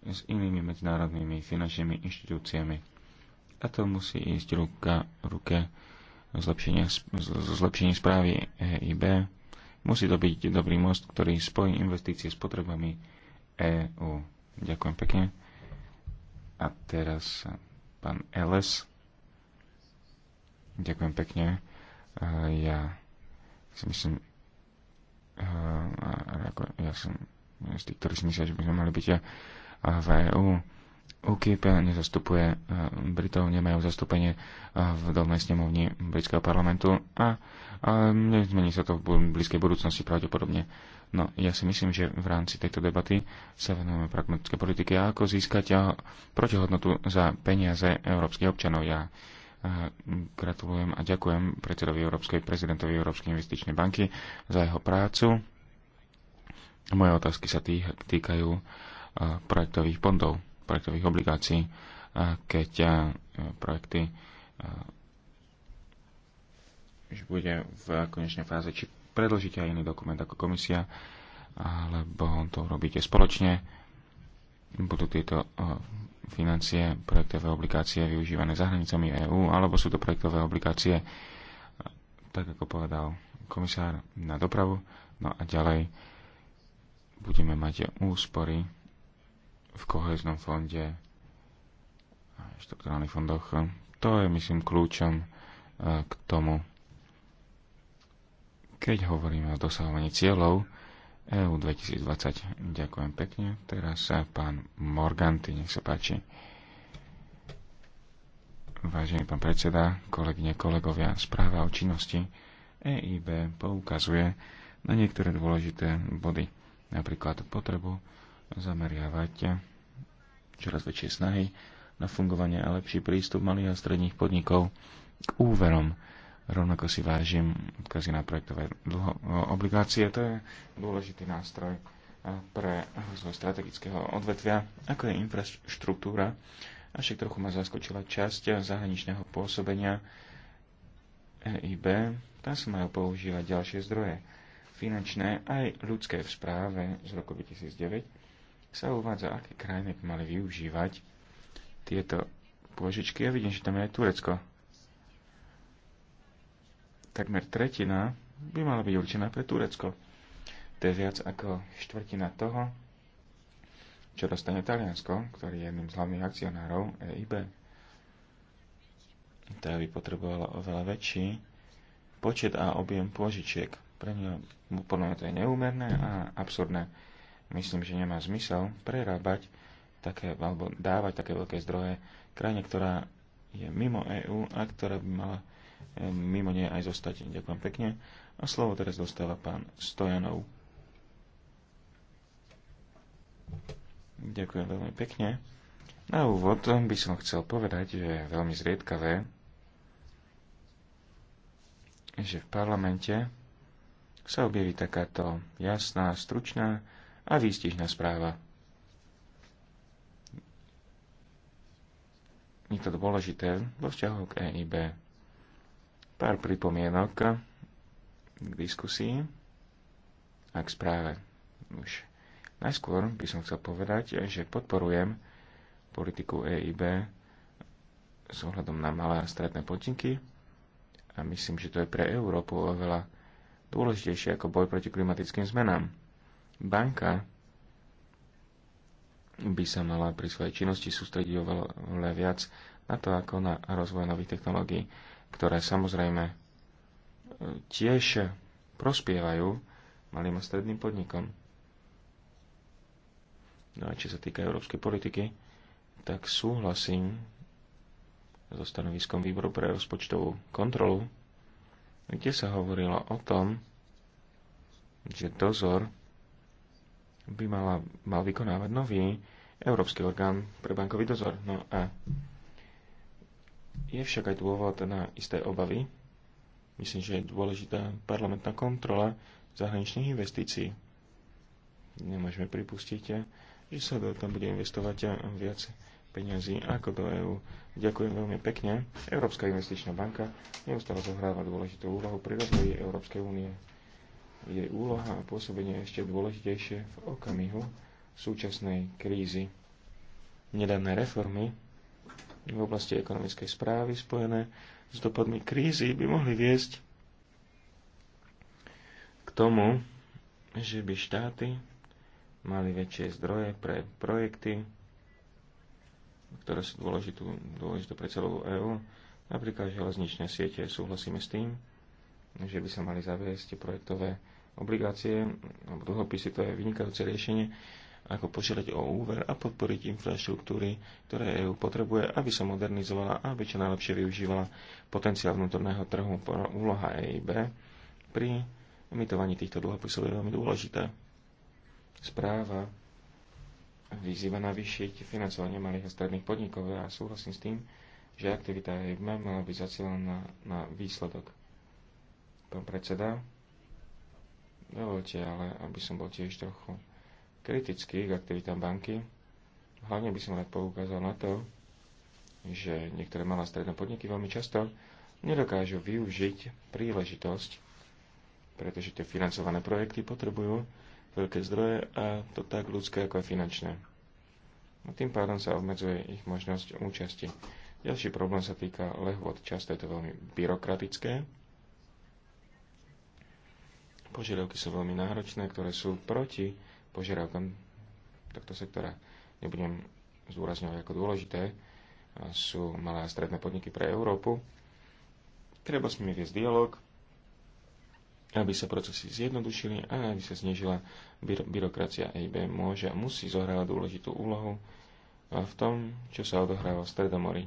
s inými medzinárodnými finančnými inštitúciami. A to musí ísť ruka ruke zlepšenie, správy EIB. Musí to byť dobrý most, ktorý spojí investície s potrebami EÚ. Ďakujem pekne. A teraz pán Eles. Ďakujem pekne. Ja si myslím, ja som z tých, ktorí si myslia, že by sme mali byť ja v EU UKIP nezastupuje eh, Britov, nemajú zastúpenie eh, v dolnej snemovni britského parlamentu a, a nezmení sa to v blízkej budúcnosti pravdepodobne. No, ja si myslím, že v rámci tejto debaty sa venujeme pragmatické politiky a ako získať eh, protihodnotu za peniaze európskych občanov. Ja gratulujem a ďakujem predsedovi Európskej, prezidentovi Európskej investičnej banky za jeho prácu. Moje otázky sa tých, týkajú projektových fondov projektových obligácií, keď projekty už bude v konečnej fáze, či predložíte aj iný dokument ako komisia, alebo to urobíte spoločne. Budú tieto financie, projektové obligácie využívané za hranicami EÚ, alebo sú to projektové obligácie, tak ako povedal komisár na dopravu. No a ďalej budeme mať úspory v koheznom fonde a štrukturálnych fondoch. To je, myslím, kľúčom e, k tomu, keď hovoríme o dosahovaní cieľov EU 2020. Ďakujem pekne. Teraz sa pán Morganti, nech sa páči. Vážený pán predseda, kolegyne, kolegovia, správa o činnosti EIB poukazuje na niektoré dôležité body, napríklad potrebu zameriavať čoraz väčšie snahy na fungovanie a lepší prístup malých a stredných podnikov k úverom. Rovnako si vážim odkazy na projektové dlho, obligácie. To je dôležitý nástroj eh, pre rozvoj strategického odvetvia, ako je infraštruktúra. a však trochu ma zaskočila časť zahraničného pôsobenia EIB. Tam sa majú používať ďalšie zdroje finančné aj ľudské v správe z roku 2009 sa uvádza, aké krajiny by mali využívať tieto pôžičky. Ja vidím, že tam je aj Turecko. Takmer tretina by mala byť určená pre Turecko. To je viac ako štvrtina toho, čo dostane Taliansko, ktorý je jedným z hlavných akcionárov EIB. Tá by potrebovala oveľa väčší počet a objem pôžičiek. Pre mňa podľa mňa to je neúmerné a absurdné. Myslím, že nemá zmysel prerábať také, alebo dávať také veľké zdroje krajine, ktorá je mimo EÚ a ktorá by mala e, mimo nej aj zostať. Ďakujem pekne. A slovo teraz dostáva pán Stojanov. Ďakujem veľmi pekne. Na úvod by som chcel povedať, že je veľmi zriedkavé, že v parlamente sa objaví takáto jasná, stručná a výstižná správa. Je to dôležité vo vzťahu k EIB. Pár pripomienok k diskusii a k správe. Už najskôr by som chcel povedať, že podporujem politiku EIB s ohľadom na malé a stredné podniky a myslím, že to je pre Európu oveľa dôležitejšie ako boj proti klimatickým zmenám. Banka by sa mala pri svojej činnosti sústrediť oveľa viac na to, ako na rozvoj nových technológií, ktoré samozrejme e, tiež prospievajú malým a stredným podnikom. No a čo sa týka európskej politiky, tak súhlasím so stanoviskom výboru pre rozpočtovú kontrolu, kde sa hovorilo o tom, že dozor by mala, mal vykonávať nový Európsky orgán pre bankový dozor. No a je však aj dôvod na isté obavy. Myslím, že je dôležitá parlamentná kontrola zahraničných investícií. Nemôžeme pripustiť, že sa do, tam bude investovať viac peniazy ako do EÚ. Ďakujem veľmi pekne. Európska investičná banka neustále zohráva dôležitú úlohu pri rozvoji Európskej únie jej úloha a pôsobenie ešte dôležitejšie v okamihu súčasnej krízy. Nedávne reformy v oblasti ekonomickej správy spojené s dopadmi krízy by mohli viesť k tomu, že by štáty mali väčšie zdroje pre projekty, ktoré sú dôležité, dôležité pre celú EÚ. Napríklad železničné siete súhlasíme s tým, že by sa mali zaviesť projektové obligácie alebo dlhopisy, to je vynikajúce riešenie, ako požiadať o úver a podporiť infraštruktúry, ktoré EÚ potrebuje, aby sa modernizovala a aby čo najlepšie využívala potenciál vnútorného trhu. Úloha EIB pri emitovaní týchto dlhopisov je veľmi dôležitá. Správa vyzýva navýšiť financovanie malých a stredných podnikov a ja súhlasím s tým, že aktivita EIB mala byť zacielená na, na výsledok. Pán predseda, Dovolte ale, aby som bol tiež trochu kritický k aktivitám banky. Hlavne by som rád poukázal na to, že niektoré malé stredné podniky veľmi často nedokážu využiť príležitosť, pretože tie financované projekty potrebujú veľké zdroje a to tak ľudské ako aj finančné. A tým pádom sa obmedzuje ich možnosť účasti. Ďalší problém sa týka lehvod. Často je to veľmi byrokratické Požiadavky sú veľmi náročné, ktoré sú proti požiadavkám tohto sektora. Nebudem zdôrazňovať ako dôležité. Sú malé a stredné podniky pre Európu. Treba s nimi viesť dialog, aby sa procesy zjednodušili a aby sa znižila byro- byrokracia EIB môže a musí zohrávať dôležitú úlohu v tom, čo sa odohráva v Stredomori.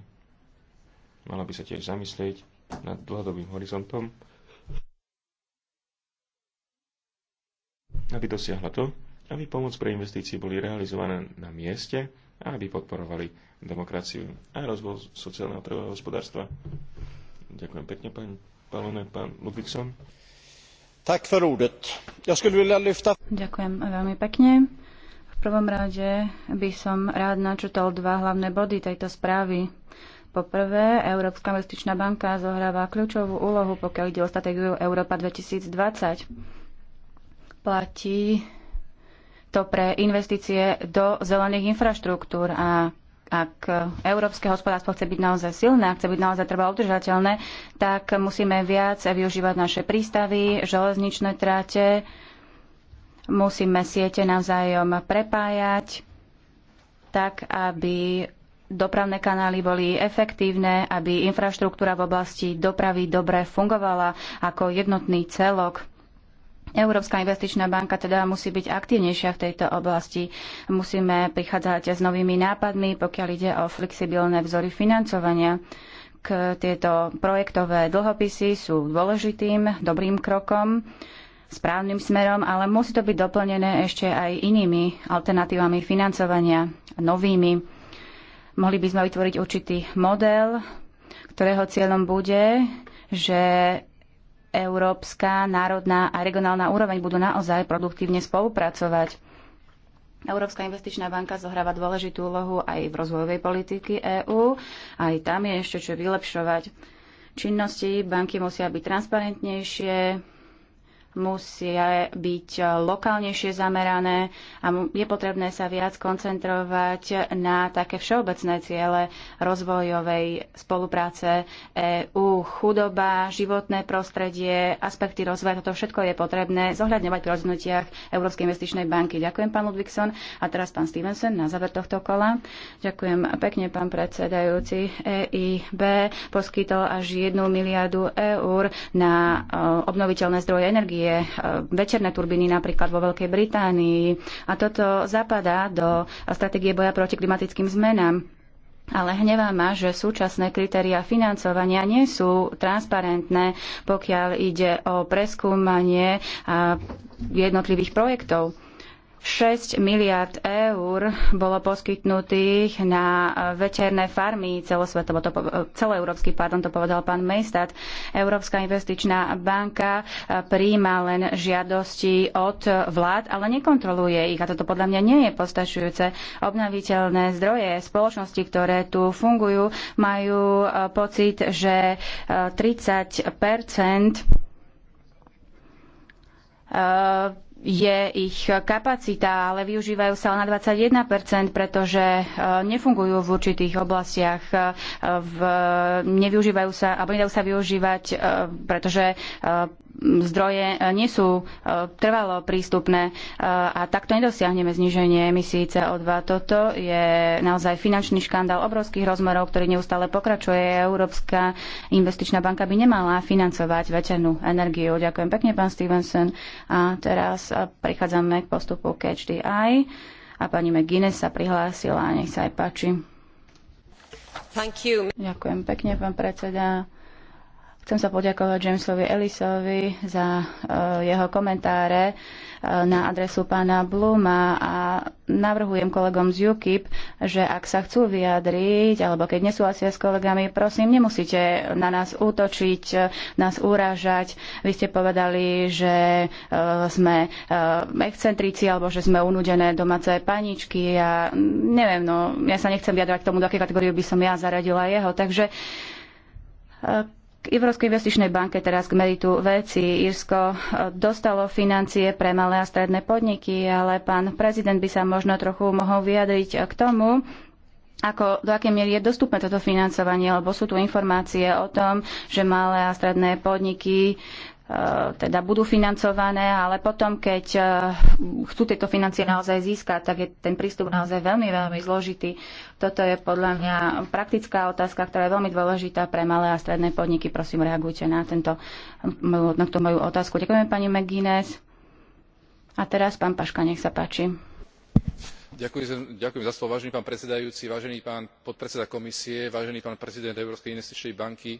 Mala by sa tiež zamyslieť nad dlhodobým horizontom aby dosiahla to, aby pomoc pre investície boli realizované na mieste a aby podporovali demokraciu a rozvoj sociálneho trhového hospodárstva. Ďakujem pekne, pán Palone, pán Ludvíkson. Tak for ordet. Ja skulle vilja lyfta... Ďakujem veľmi pekne. V prvom rade by som rád načutal dva hlavné body tejto správy. Po prvé, Európska investičná banka zohráva kľúčovú úlohu, pokiaľ ide o stratégiu Európa 2020 Platí to pre investície do zelených infraštruktúr a ak európske hospodárstvo chce byť naozaj silné, ak chce byť naozaj treba udržateľné, tak musíme viac využívať naše prístavy, železničné trate, musíme siete navzájom prepájať, tak aby dopravné kanály boli efektívne, aby infraštruktúra v oblasti dopravy dobre fungovala ako jednotný celok. Európska investičná banka teda musí byť aktívnejšia v tejto oblasti. Musíme prichádzať s novými nápadmi, pokiaľ ide o flexibilné vzory financovania. K tieto projektové dlhopisy sú dôležitým, dobrým krokom, správnym smerom, ale musí to byť doplnené ešte aj inými alternatívami financovania, novými. Mohli by sme vytvoriť určitý model, ktorého cieľom bude, že európska, národná a regionálna úroveň budú naozaj produktívne spolupracovať. Európska investičná banka zohráva dôležitú úlohu aj v rozvojovej politiky EÚ. Aj tam je ešte čo vylepšovať. Činnosti banky musia byť transparentnejšie, musia byť lokálnejšie zamerané a je potrebné sa viac koncentrovať na také všeobecné ciele rozvojovej spolupráce EU, chudoba, životné prostredie, aspekty rozvoja. Toto všetko je potrebné zohľadňovať pri rozhodnutiach Európskej investičnej banky. Ďakujem, pán Ludvíkson. A teraz pán Stevenson na záver tohto kola. Ďakujem pekne, pán predsedajúci. EIB poskytol až 1 miliardu eur na e, obnoviteľné zdroje energie energie, e, večerné turbíny napríklad vo Veľkej Británii. A toto zapadá do stratégie boja proti klimatickým zmenám. Ale hnevá ma, že súčasné kritéria financovania nie sú transparentné, pokiaľ ide o preskúmanie jednotlivých projektov. 6 miliard eur bolo poskytnutých na veterné farmy celosvetovo, to, celoeurópsky, pardon, to povedal pán Mejstad. Európska investičná banka eh, príjma len žiadosti od vlád, ale nekontroluje ich a toto podľa mňa nie je postačujúce. Obnoviteľné zdroje spoločnosti, ktoré tu fungujú, majú eh, pocit, že 30 uh, eh, je ich kapacita, ale využívajú sa len na 21%, pretože e, nefungujú v určitých oblastiach, e, v, nevyužívajú sa, alebo nedajú sa využívať, e, pretože zdroje e, nie sú e, trvalo prístupné e, a takto nedosiahneme zníženie emisí CO2. Toto je naozaj finančný škandál obrovských rozmerov, ktorý neustále pokračuje. Európska investičná banka by nemala financovať veternú energiu. Ďakujem pekne, pán Stevenson. A teraz prichádzame k postupu Catch the Eye. A pani McGuinness sa prihlásila, nech sa aj páči. Ďakujem pekne, pán predseda. Chcem sa poďakovať Jamesovi Ellisovi za eh, jeho komentáre eh, na adresu pána Bluma a navrhujem kolegom z UKIP, že ak sa chcú vyjadriť, alebo keď nesúhlasia s kolegami, prosím, nemusíte na nás útočiť, nás úražať. Vy ste povedali, že eh, sme excentrici, alebo že sme unúdené domáce paničky a neviem, no ja sa nechcem vyjadrať k tomu, do akej kategórie by som ja zaradila jeho. Takže k Európskej investičnej banke teraz k meritu veci. Írsko e, dostalo financie pre malé a stredné podniky, ale pán prezident by sa možno trochu mohol vyjadriť k tomu, ako, do akej miery je dostupné toto financovanie, lebo sú tu informácie o tom, že malé a stredné podniky E, teda budú financované, ale potom, keď e, chcú tieto financie naozaj získať, tak je ten prístup naozaj veľmi, veľmi zložitý. Toto je podľa mňa praktická otázka, ktorá je veľmi dôležitá pre malé a stredné podniky. Prosím, reagujte na, tento, na tú moju otázku. Ďakujeme pani McGuinness. A teraz pán Paška, nech sa páči. Ďakujem, ďakujem za slovo, vážený pán predsedajúci, vážený pán podpredseda komisie, vážený pán prezident Európskej investičnej banky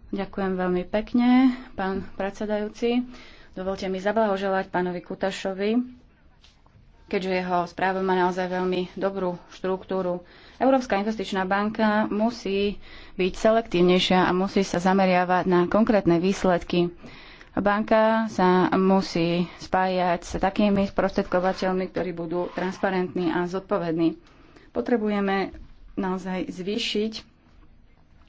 Ďakujem veľmi pekne, pán predsedajúci. Dovolte mi zablahoželať pánovi Kutašovi, keďže jeho správa má naozaj veľmi dobrú štruktúru. Európska investičná banka musí byť selektívnejšia a musí sa zameriavať na konkrétne výsledky. Banka sa musí spájať s takými sprostredkovateľmi, ktorí budú transparentní a zodpovední. Potrebujeme naozaj zvýšiť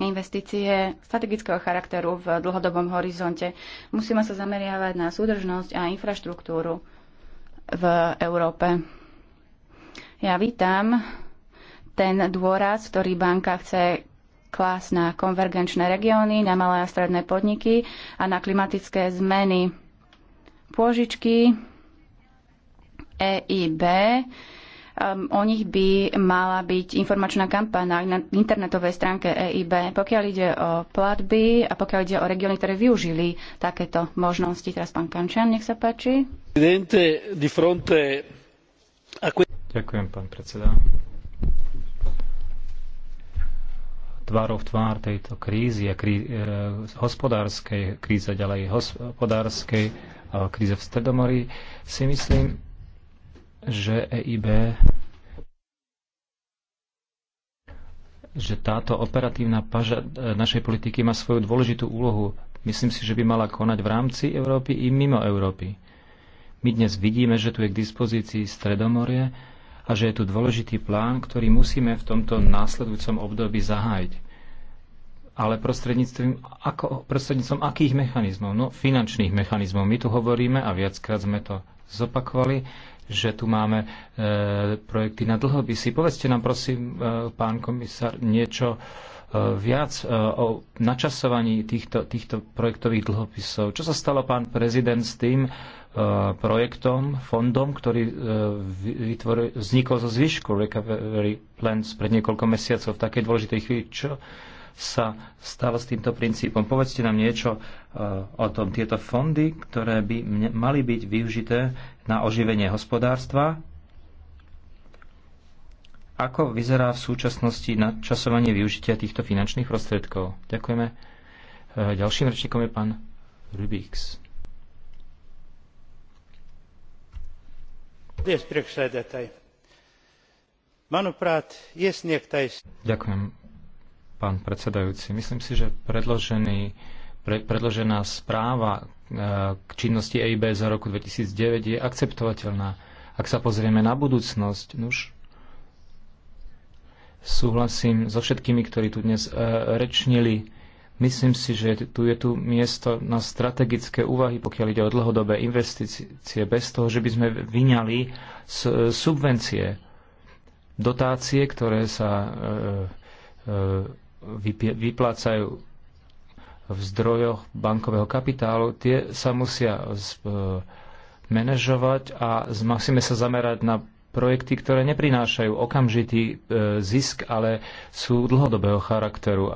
investície strategického charakteru v dlhodobom horizonte. Musíme sa zameriavať na súdržnosť a infraštruktúru v Európe. Ja vítam ten dôraz, ktorý banka chce klas na konvergenčné regióny, na malé a stredné podniky a na klimatické zmeny. Pôžičky EIB Ehm, o nich by mala byť informačná kampaň na internetovej stránke EIB, pokiaľ ide o platby a pokiaľ ide o regióny, ktoré využili takéto možnosti. Teraz pán Kančan, nech sa páči. Ďakujem, pán predseda. tvárov v tvár tejto krízy a krí, e, hospodárskej kríze, ďalej hospodárskej e, kríze v Stredomorí, si myslím, že EIB že táto operatívna paža našej politiky má svoju dôležitú úlohu. Myslím si, že by mala konať v rámci Európy i mimo Európy. My dnes vidíme, že tu je k dispozícii Stredomorie a že je tu dôležitý plán, ktorý musíme v tomto následujúcom období zahájiť. Ale prostredníctvom, ako, prostredníctvom akých mechanizmov? No, finančných mechanizmov. My tu hovoríme a viackrát sme to zopakovali, že tu máme e, projekty na dlhopisy. Povedzte nám prosím, e, pán komisár, niečo e, viac o načasovaní týchto, týchto projektových dlhopisov. Čo sa stalo, pán prezident, s tým projektom, fondom, ktorý vytvoril, vznikol zo zvyšku Recovery Plans pred niekoľko mesiacov v takej dôležitej chvíli? Čo, sa stalo s týmto princípom. Povedzte nám niečo e, o tom. Tieto fondy, ktoré by mali byť využité na oživenie hospodárstva, ako vyzerá v súčasnosti nadčasovanie využitia týchto finančných prostriedkov? Ďakujeme. E, ďalším rečníkom je pán Rubix. Ďakujem, pán predsedajúci. Myslím si, že predložený, pre, predložená správa e, k činnosti EIB za roku 2009 je akceptovateľná. Ak sa pozrieme na budúcnosť, nuž, súhlasím so všetkými, ktorí tu dnes e, rečnili. Myslím si, že tu je tu miesto na strategické úvahy, pokiaľ ide o dlhodobé investície, bez toho, že by sme vyňali e, subvencie, dotácie, ktoré sa e, vyplácajú v zdrojoch bankového kapitálu, tie sa musia e, manažovať a musíme sa zamerať na projekty, ktoré neprinášajú okamžitý e, zisk, ale sú dlhodobého charakteru.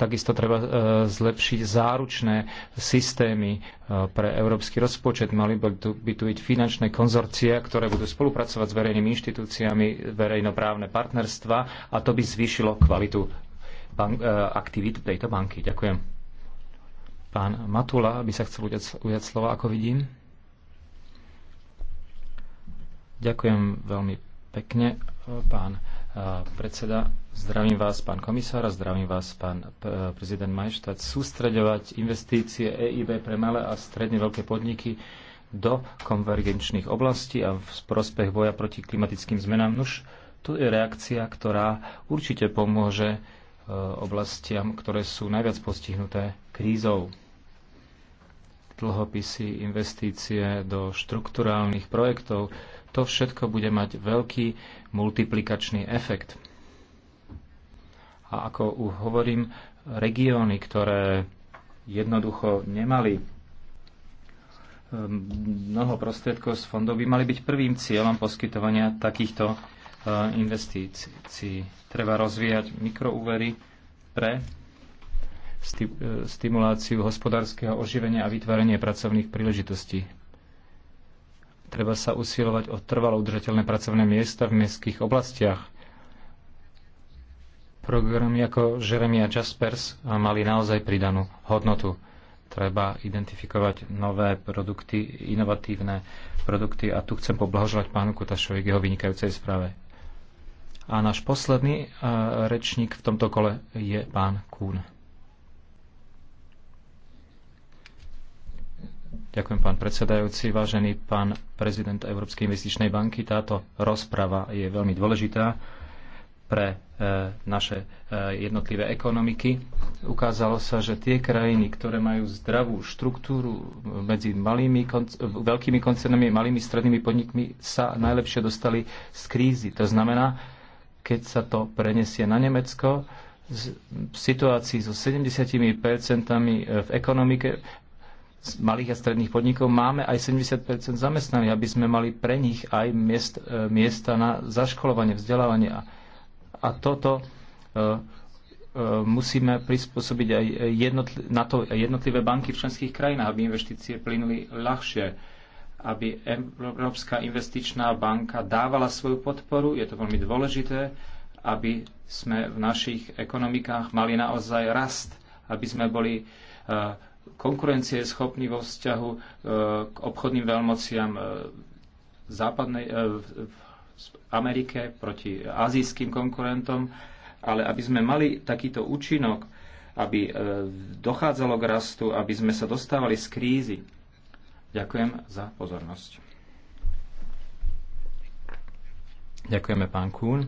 Takisto treba e, zlepšiť záručné systémy e, pre európsky rozpočet. Mali by tu byť finančné konzorcia, ktoré budú spolupracovať s verejnými inštitúciami, verejnoprávne partnerstva a to by zvýšilo kvalitu bank, e, aktivít tejto banky. Ďakujem. Pán Matula by sa chcel ujať, ujať slova, ako vidím. Ďakujem veľmi pekne, pán predseda. Zdravím vás, pán komisár, a zdravím vás, pán eh, prezident Majštát. Sústreďovať investície EIB pre malé a stredne veľké podniky do konvergenčných oblastí a v prospech boja proti klimatickým zmenám. Nuž, tu je reakcia, ktorá určite pomôže eh, oblastiam, ktoré sú najviac postihnuté krízou. Dlhopisy, investície do štrukturálnych projektov, to všetko bude mať veľký multiplikačný efekt. A ako hovorím, regióny, ktoré jednoducho nemali ehm, mnoho prostriedkov z fondov, by mali byť prvým cieľom poskytovania takýchto eh, investícií. Treba rozvíjať mikroúvery pre eh, stimuláciu hospodárskeho oživenia a vytvárenie pracovných príležitostí. Treba sa usilovať o trvalo udržateľné pracovné miesta v mestských oblastiach. Programy ako Jeremy a Jaspers eh, mali naozaj pridanú hodnotu. Treba identifikovať nové produkty, inovatívne produkty a tu chcem poblahoželať pánu Kutašovi k jeho vynikajúcej správe. A náš posledný eh, rečník v tomto kole je pán Kún. Ďakujem, pán predsedajúci. Vážený pán prezident Európskej investičnej banky, táto rozprava je veľmi dôležitá pre e, naše e, jednotlivé ekonomiky. Ukázalo sa, že tie krajiny, ktoré majú zdravú štruktúru medzi malými, veľkými koncernami, a malými strednými podnikmi, sa najlepšie dostali z krízy. To znamená, keď sa to prenesie na Nemecko, v situácii so 70% v ekonomike z malých a stredných podnikov máme aj 70 zamestnaných, aby sme mali pre nich aj miest, e, miesta na zaškolovanie, vzdelávanie. A, a toto e, e, musíme prispôsobiť aj jednotl- na to jednotlivé banky v členských krajinách, aby investície plynuli ľahšie, aby Európska investičná banka dávala svoju podporu, je to veľmi dôležité, aby sme v našich ekonomikách mali naozaj rast, aby sme boli uh, konkurencie schopný vo vzťahu e, k obchodným veľmociam e, e, v, západnej, v Amerike proti azijským konkurentom, ale aby sme mali takýto účinok, aby dochádzalo k rastu, aby sme sa dostávali z krízy. Ďakujem za pozornosť. Ďakujeme, pán Kuhn.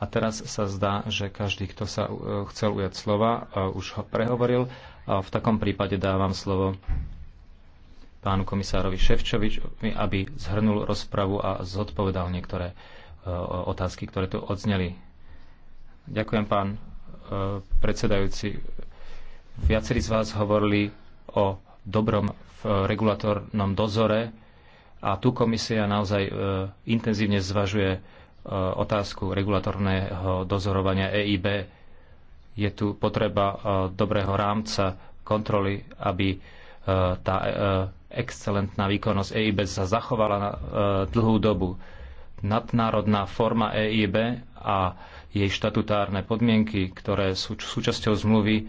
A teraz sa zdá, že každý, kto sa e, chcel ujať slova, e, už ho prehovoril. A v takom prípade dávam slovo pánu komisárovi Ševčovičovi, aby zhrnul rozpravu a zodpovedal niektoré e, otázky, ktoré tu odzneli. Ďakujem, pán predsedajúci. Viacerí z vás hovorili o dobrom v regulatornom dozore a tu komisia naozaj intenzívne zvažuje E, otázku regulatorného dozorovania EIB. Je tu potreba e, dobrého rámca kontroly, aby e, tá excelentná výkonnosť EIB sa zachovala na dlhú dobu. Nadnárodná forma EIB a jej štatutárne podmienky, ktoré sú súčasťou zmluvy,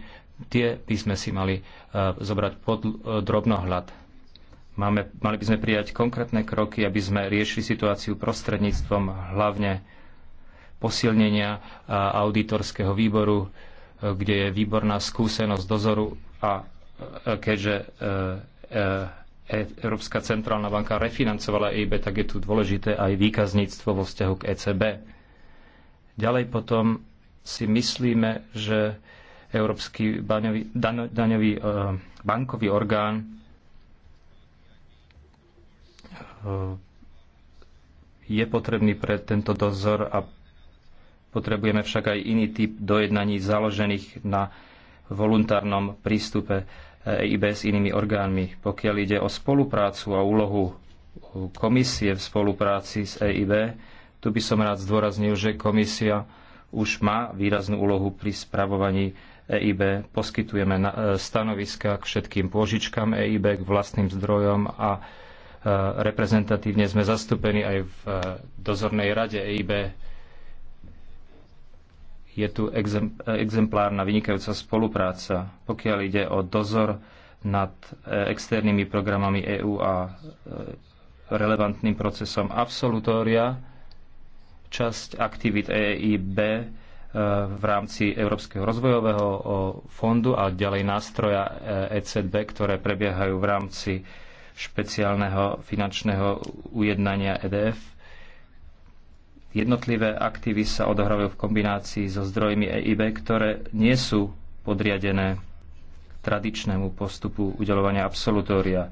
tie by sme si mali zobrať pod drobnohľad Máme, mali by sme prijať konkrétne kroky, aby sme riešili situáciu prostredníctvom hlavne posilnenia auditorského výboru, e, kde je výborná skúsenosť dozoru a e, keďže e, Európska centrálna banka refinancovala EIB, tak je tu dôležité aj výkazníctvo vo vzťahu k ECB. Ďalej potom si myslíme, že Európsky daňový, daňový bankový orgán Eh, je potrebný pre tento dozor a potrebujeme však aj iný typ dojednaní založených na voluntárnom prístupe eh, EIB s inými orgánmi. Pokiaľ ide o spoluprácu a úlohu eh, komisie v spolupráci s EIB, tu by som rád zdôraznil, že komisia už má výraznú úlohu pri spravovaní EIB. Poskytujeme stanoviska k všetkým pôžičkám EIB, k vlastným zdrojom a Eh, reprezentatívne sme zastúpení aj v eh, dozornej rade EIB. Je tu exemplárna vynikajúca spolupráca, pokiaľ ide o dozor nad eh, externými programami EÚ a relevantným procesom absolutória. Časť aktivít EIB v rámci Európskeho rozvojového fondu a ďalej nástroja ECB, e ktoré prebiehajú v rámci špeciálneho finančného ujednania EDF. Jednotlivé aktívy sa odohrávajú v kombinácii so zdrojmi EIB, ktoré nie sú podriadené tradičnému postupu udelovania absolutória.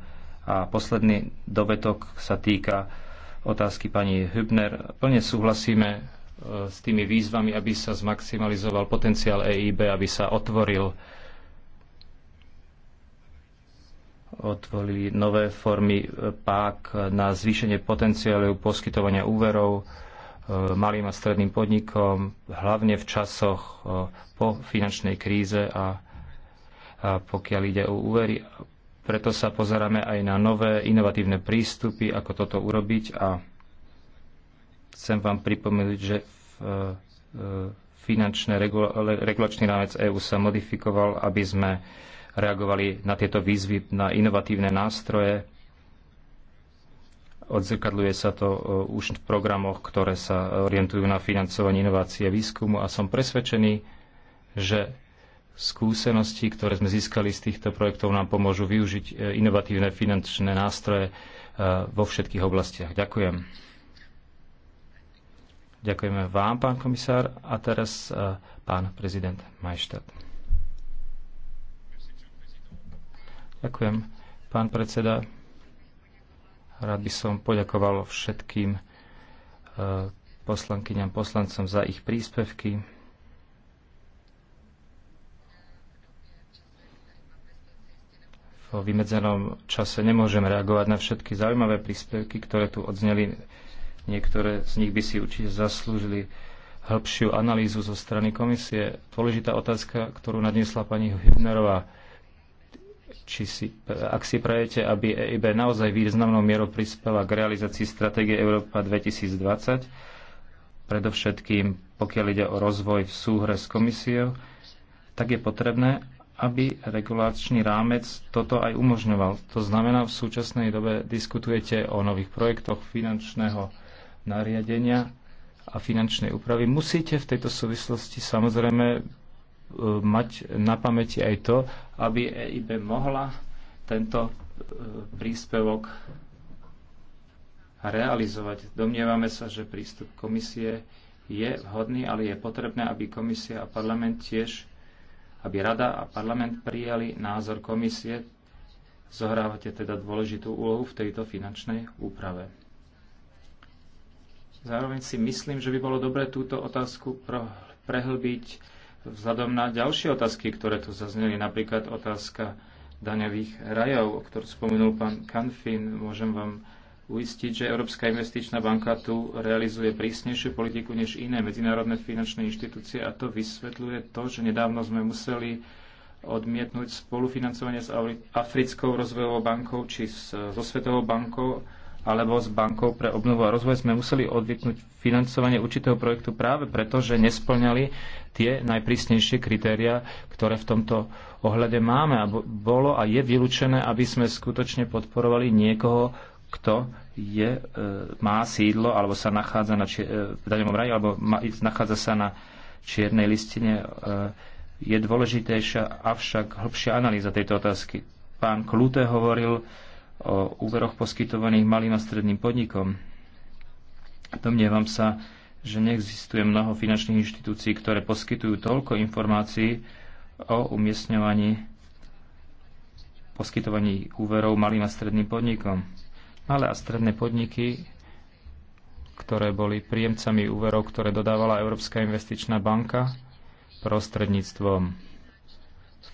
A posledný dovetok sa týka otázky pani Hübner. Plne súhlasíme e, s tými výzvami, aby sa zmaximalizoval potenciál EIB, aby sa otvoril otvorili nové formy e, pák na zvýšenie potenciálu poskytovania úverov e, malým a stredným podnikom, hlavne v časoch e, po finančnej kríze a, a pokiaľ ide o úvery. Preto sa pozeráme aj na nové inovatívne prístupy, ako toto urobiť a chcem vám pripomenúť, že finančný regulačný rámec EÚ sa modifikoval, aby sme reagovali na tieto výzvy, na inovatívne nástroje. Odzrkadľuje sa to e, už v programoch, ktoré sa orientujú na financovanie inovácie a výskumu a som presvedčený, že skúsenosti, ktoré sme získali z týchto projektov, nám pomôžu využiť e, inovatívne finančné nástroje e, vo všetkých oblastiach. Ďakujem. Ďakujeme vám, pán komisár, a teraz pán prezident Majštát. Ďakujem, pán predseda. Rád by som poďakoval všetkým eh, poslankyňam, poslancom za ich príspevky. V vymedzenom čase nemôžem reagovať na všetky zaujímavé príspevky, ktoré tu odzneli. Niektoré z nich by si určite zaslúžili hĺbšiu analýzu zo strany komisie. Dôležitá otázka, ktorú nadniesla pani Hübnerová či si, ak si prajete, aby EIB naozaj významnou mierou prispela k realizácii stratégie Európa 2020, predovšetkým pokiaľ ide o rozvoj v súhre s komisiou, tak je potrebné, aby regulačný rámec toto aj umožňoval. To znamená, v súčasnej dobe diskutujete o nových projektoch finančného nariadenia a finančnej úpravy. Musíte v tejto súvislosti samozrejme E, mať na pamäti aj to, aby EIB mohla tento e, príspevok realizovať. Domnievame sa, že prístup komisie je vhodný, ale je potrebné, aby komisia a parlament tiež, aby rada a parlament prijali názor komisie. Zohrávate teda dôležitú úlohu v tejto finančnej úprave. Zároveň si myslím, že by bolo dobré túto otázku prehlbiť vzhľadom na ďalšie otázky, ktoré tu zazneli, napríklad otázka daňových rajov, o ktorú spomenul pán Kanfin, môžem vám uistiť, že Európska investičná banka tu realizuje prísnejšiu politiku než iné medzinárodné finančné inštitúcie a to vysvetľuje to, že nedávno sme museli odmietnúť spolufinancovanie s Africkou rozvojovou bankou či so Svetovou bankou alebo s Bankou pre obnovu a rozvoj sme museli odvyknúť financovanie určitého projektu práve preto, že nesplňali tie najprísnejšie kritéria, ktoré v tomto ohľade máme. A bolo a je vylúčené, aby sme skutočne podporovali niekoho, kto je, e, má sídlo alebo sa nachádza na, e, v daňovom raji alebo ma, nachádza sa na čiernej listine. E, je dôležitejšia avšak hĺbšia analýza tejto otázky. Pán Klute hovoril, o úveroch poskytovaných malým a stredným podnikom. Domnievam sa, že neexistuje mnoho finančných inštitúcií, ktoré poskytujú toľko informácií o umiestňovaní poskytovaní úverov malým a stredným podnikom. Malé a stredné podniky, ktoré boli príjemcami úverov, ktoré dodávala Európska investičná banka prostredníctvom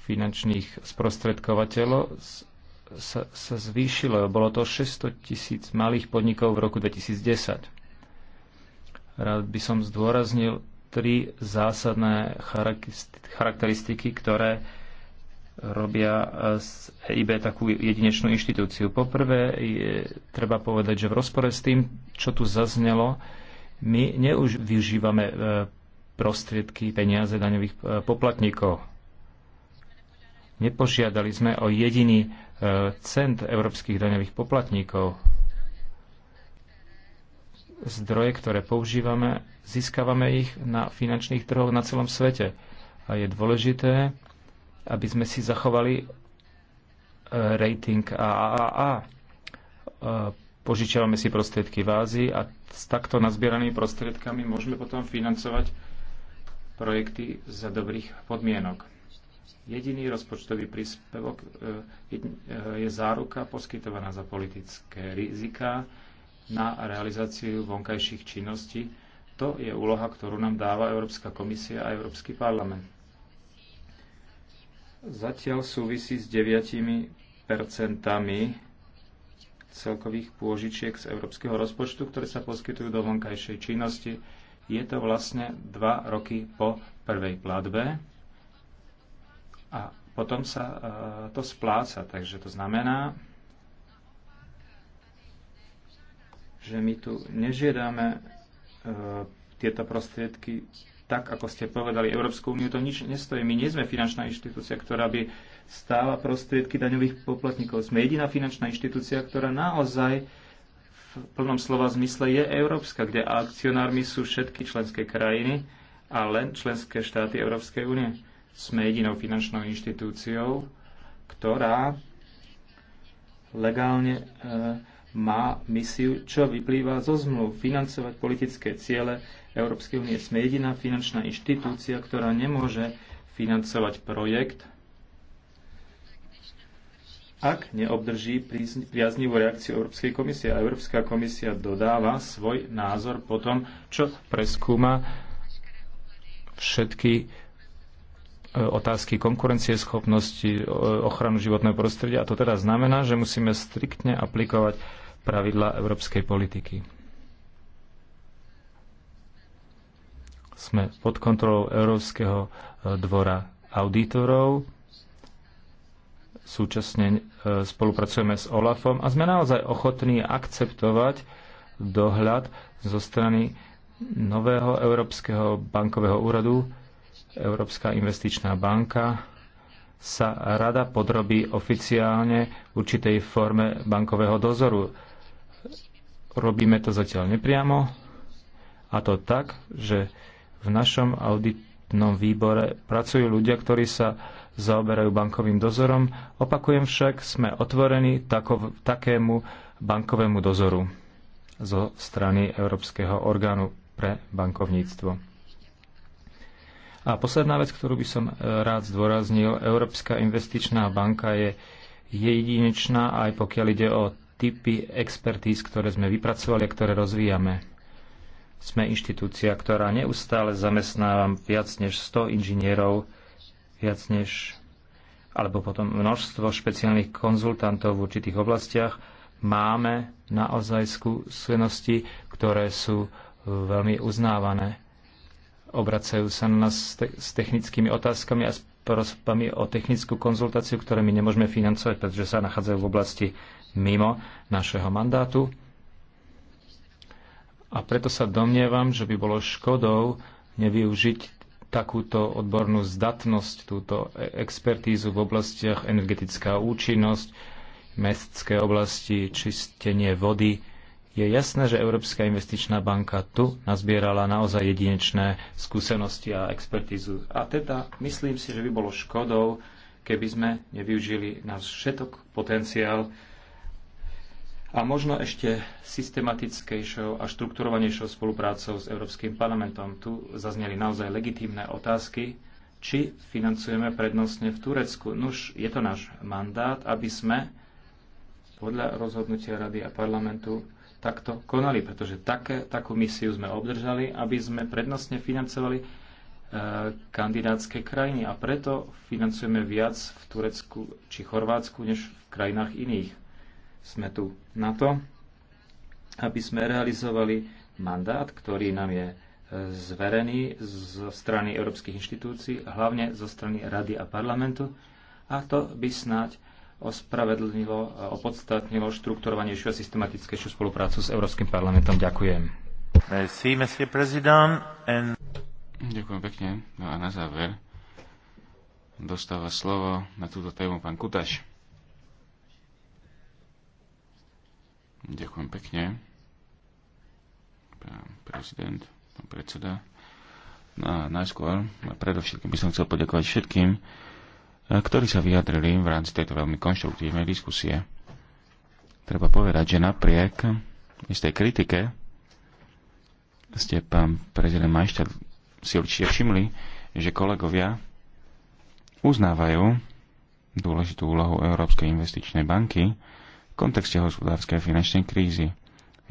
finančných sprostredkovateľov, sa, sa zvýšilo. Bolo to 600 tisíc malých podnikov v roku 2010. Rád by som zdôraznil tri zásadné charakteristiky, ktoré robia z EIB takú jedinečnú inštitúciu. Poprvé, je, treba povedať, že v rozpore s tým, čo tu zaznelo, my neuž využívame e, prostriedky, peniaze daňových e, poplatníkov. Nepožiadali sme o jediný cent európskych daňových poplatníkov. Zdroje, ktoré používame, získavame ich na finančných trhoch na celom svete. A je dôležité, aby sme si zachovali e, rating AAA. E, požičiavame si prostriedky v Ázii a s takto nazbieranými prostriedkami môžeme potom financovať projekty za dobrých podmienok Jediný rozpočtový príspevok e, e, je záruka poskytovaná za politické rizika na realizáciu vonkajších činností. To je úloha, ktorú nám dáva Európska komisia a Európsky parlament. Zatiaľ súvisí s 9 percentami celkových pôžičiek z európskeho rozpočtu, ktoré sa poskytujú do vonkajšej činnosti. Je to vlastne dva roky po prvej platbe a potom sa e, to spláca. Takže to znamená, že my tu nežiadame e, tieto prostriedky tak, ako ste povedali, Európsku úniu to nič nestojí. My nie sme finančná inštitúcia, ktorá by stála prostriedky daňových poplatníkov. Sme jediná finančná inštitúcia, ktorá naozaj v plnom slova zmysle je európska, kde akcionármi sú všetky členské krajiny a len členské štáty Európskej únie. Sme jedinou finančnou inštitúciou, ktorá legálne e, má misiu, čo vyplýva zo zmluv, financovať politické ciele Európskej únie. Sme jediná finančná inštitúcia, ktorá nemôže financovať projekt, ak neobdrží priaznivú reakciu Európskej komisie. A Európska komisia dodáva svoj názor po tom, čo preskúma všetky otázky konkurencieschopnosti, e, ochranu životného prostredia. A to teda znamená, že musíme striktne aplikovať pravidla európskej politiky. Sme pod kontrolou Európskeho e, dvora auditorov, súčasne e, spolupracujeme s OLAFom a sme naozaj ochotní akceptovať dohľad zo strany nového Európskeho bankového úradu, Európska investičná banka sa rada podrobí oficiálne určitej forme bankového dozoru. Robíme to zatiaľ nepriamo a to tak, že v našom auditnom výbore pracujú ľudia, ktorí sa zaoberajú bankovým dozorom. Opakujem však, sme otvorení takov, takému bankovému dozoru zo strany Európskeho orgánu pre bankovníctvo. A posledná vec, ktorú by som e, rád zdôraznil, Európska investičná banka je jedinečná aj pokiaľ ide o typy expertíz, ktoré sme vypracovali a ktoré rozvíjame. Sme inštitúcia, ktorá neustále zamestnáva viac než 100 inžinierov, viac než alebo potom množstvo špeciálnych konzultantov v určitých oblastiach. Máme naozaj skúsenosti, ktoré sú e, veľmi uznávané obracajú sa na nás s technickými otázkami a s prosbami o technickú konzultáciu, ktoré my nemôžeme financovať, pretože sa nachádzajú v oblasti mimo našeho mandátu. A preto sa domnievam, že by bolo škodou nevyužiť takúto odbornú zdatnosť, túto e- expertízu v oblastiach energetická účinnosť, mestské oblasti, čistenie vody, je jasné, že Európska investičná banka tu nazbierala naozaj jedinečné skúsenosti a expertízu. A teda myslím si, že by bolo škodou, keby sme nevyužili náš všetok potenciál a možno ešte systematickejšou a štrukturovanejšou spoluprácou s Európskym parlamentom. Tu zazneli naozaj legitímne otázky, či financujeme prednostne v Turecku. Nuž, je to náš mandát, aby sme podľa rozhodnutia Rady a parlamentu takto konali, pretože také, takú misiu sme obdržali, aby sme prednostne financovali e, kandidátske krajiny a preto financujeme viac v Turecku či Chorvátsku než v krajinách iných. Sme tu na to, aby sme realizovali mandát, ktorý nám je e, zverený zo strany európskych inštitúcií, hlavne zo strany Rady a parlamentu, a to by snáď ospravedlnilo, opodstatnilo štrukturovanejšiu a systematickejšiu spoluprácu s Európskym parlamentom. Ďakujem. Merci, monsieur président. And... Ďakujem pekne. No a na záver dostáva slovo na túto tému pán Kutaš. Ďakujem pekne. Pán prezident, pán predseda. No a najskôr, no a predovšetkým by som chcel poďakovať všetkým, ktorí sa vyjadrili v rámci tejto veľmi konštruktívnej diskusie. Treba povedať, že napriek istej kritike ste, pán prezident Majšťat, si určite všimli, že kolegovia uznávajú dôležitú úlohu Európskej investičnej banky v kontexte hospodárskej a finančnej krízy.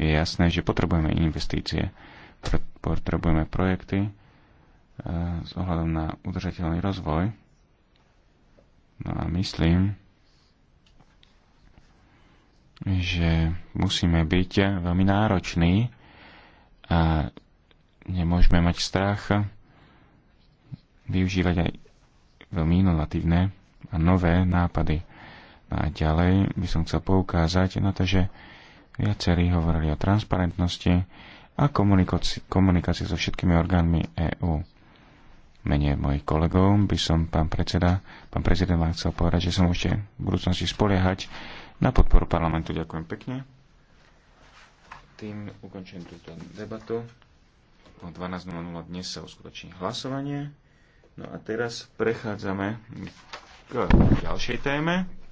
Je jasné, že potrebujeme investície, potrebujeme projekty eh, s ohľadom na udržateľný rozvoj No a myslím, že musíme byť veľmi nároční a nemôžeme mať strach využívať aj veľmi inovatívne a nové nápady. No a ďalej by som chcel poukázať na to, že viacerí hovorili o transparentnosti a komunikácii so všetkými orgánmi EÚ mene mojich kolegov by som, pán predseda, pán prezident vám chcel povedať, že sa môžete v budúcnosti spoliehať na podporu parlamentu. Ďakujem pekne. Tým ukončujem túto debatu. O 12.00 dnes sa uskutoční hlasovanie. No a teraz prechádzame k ďalšej téme.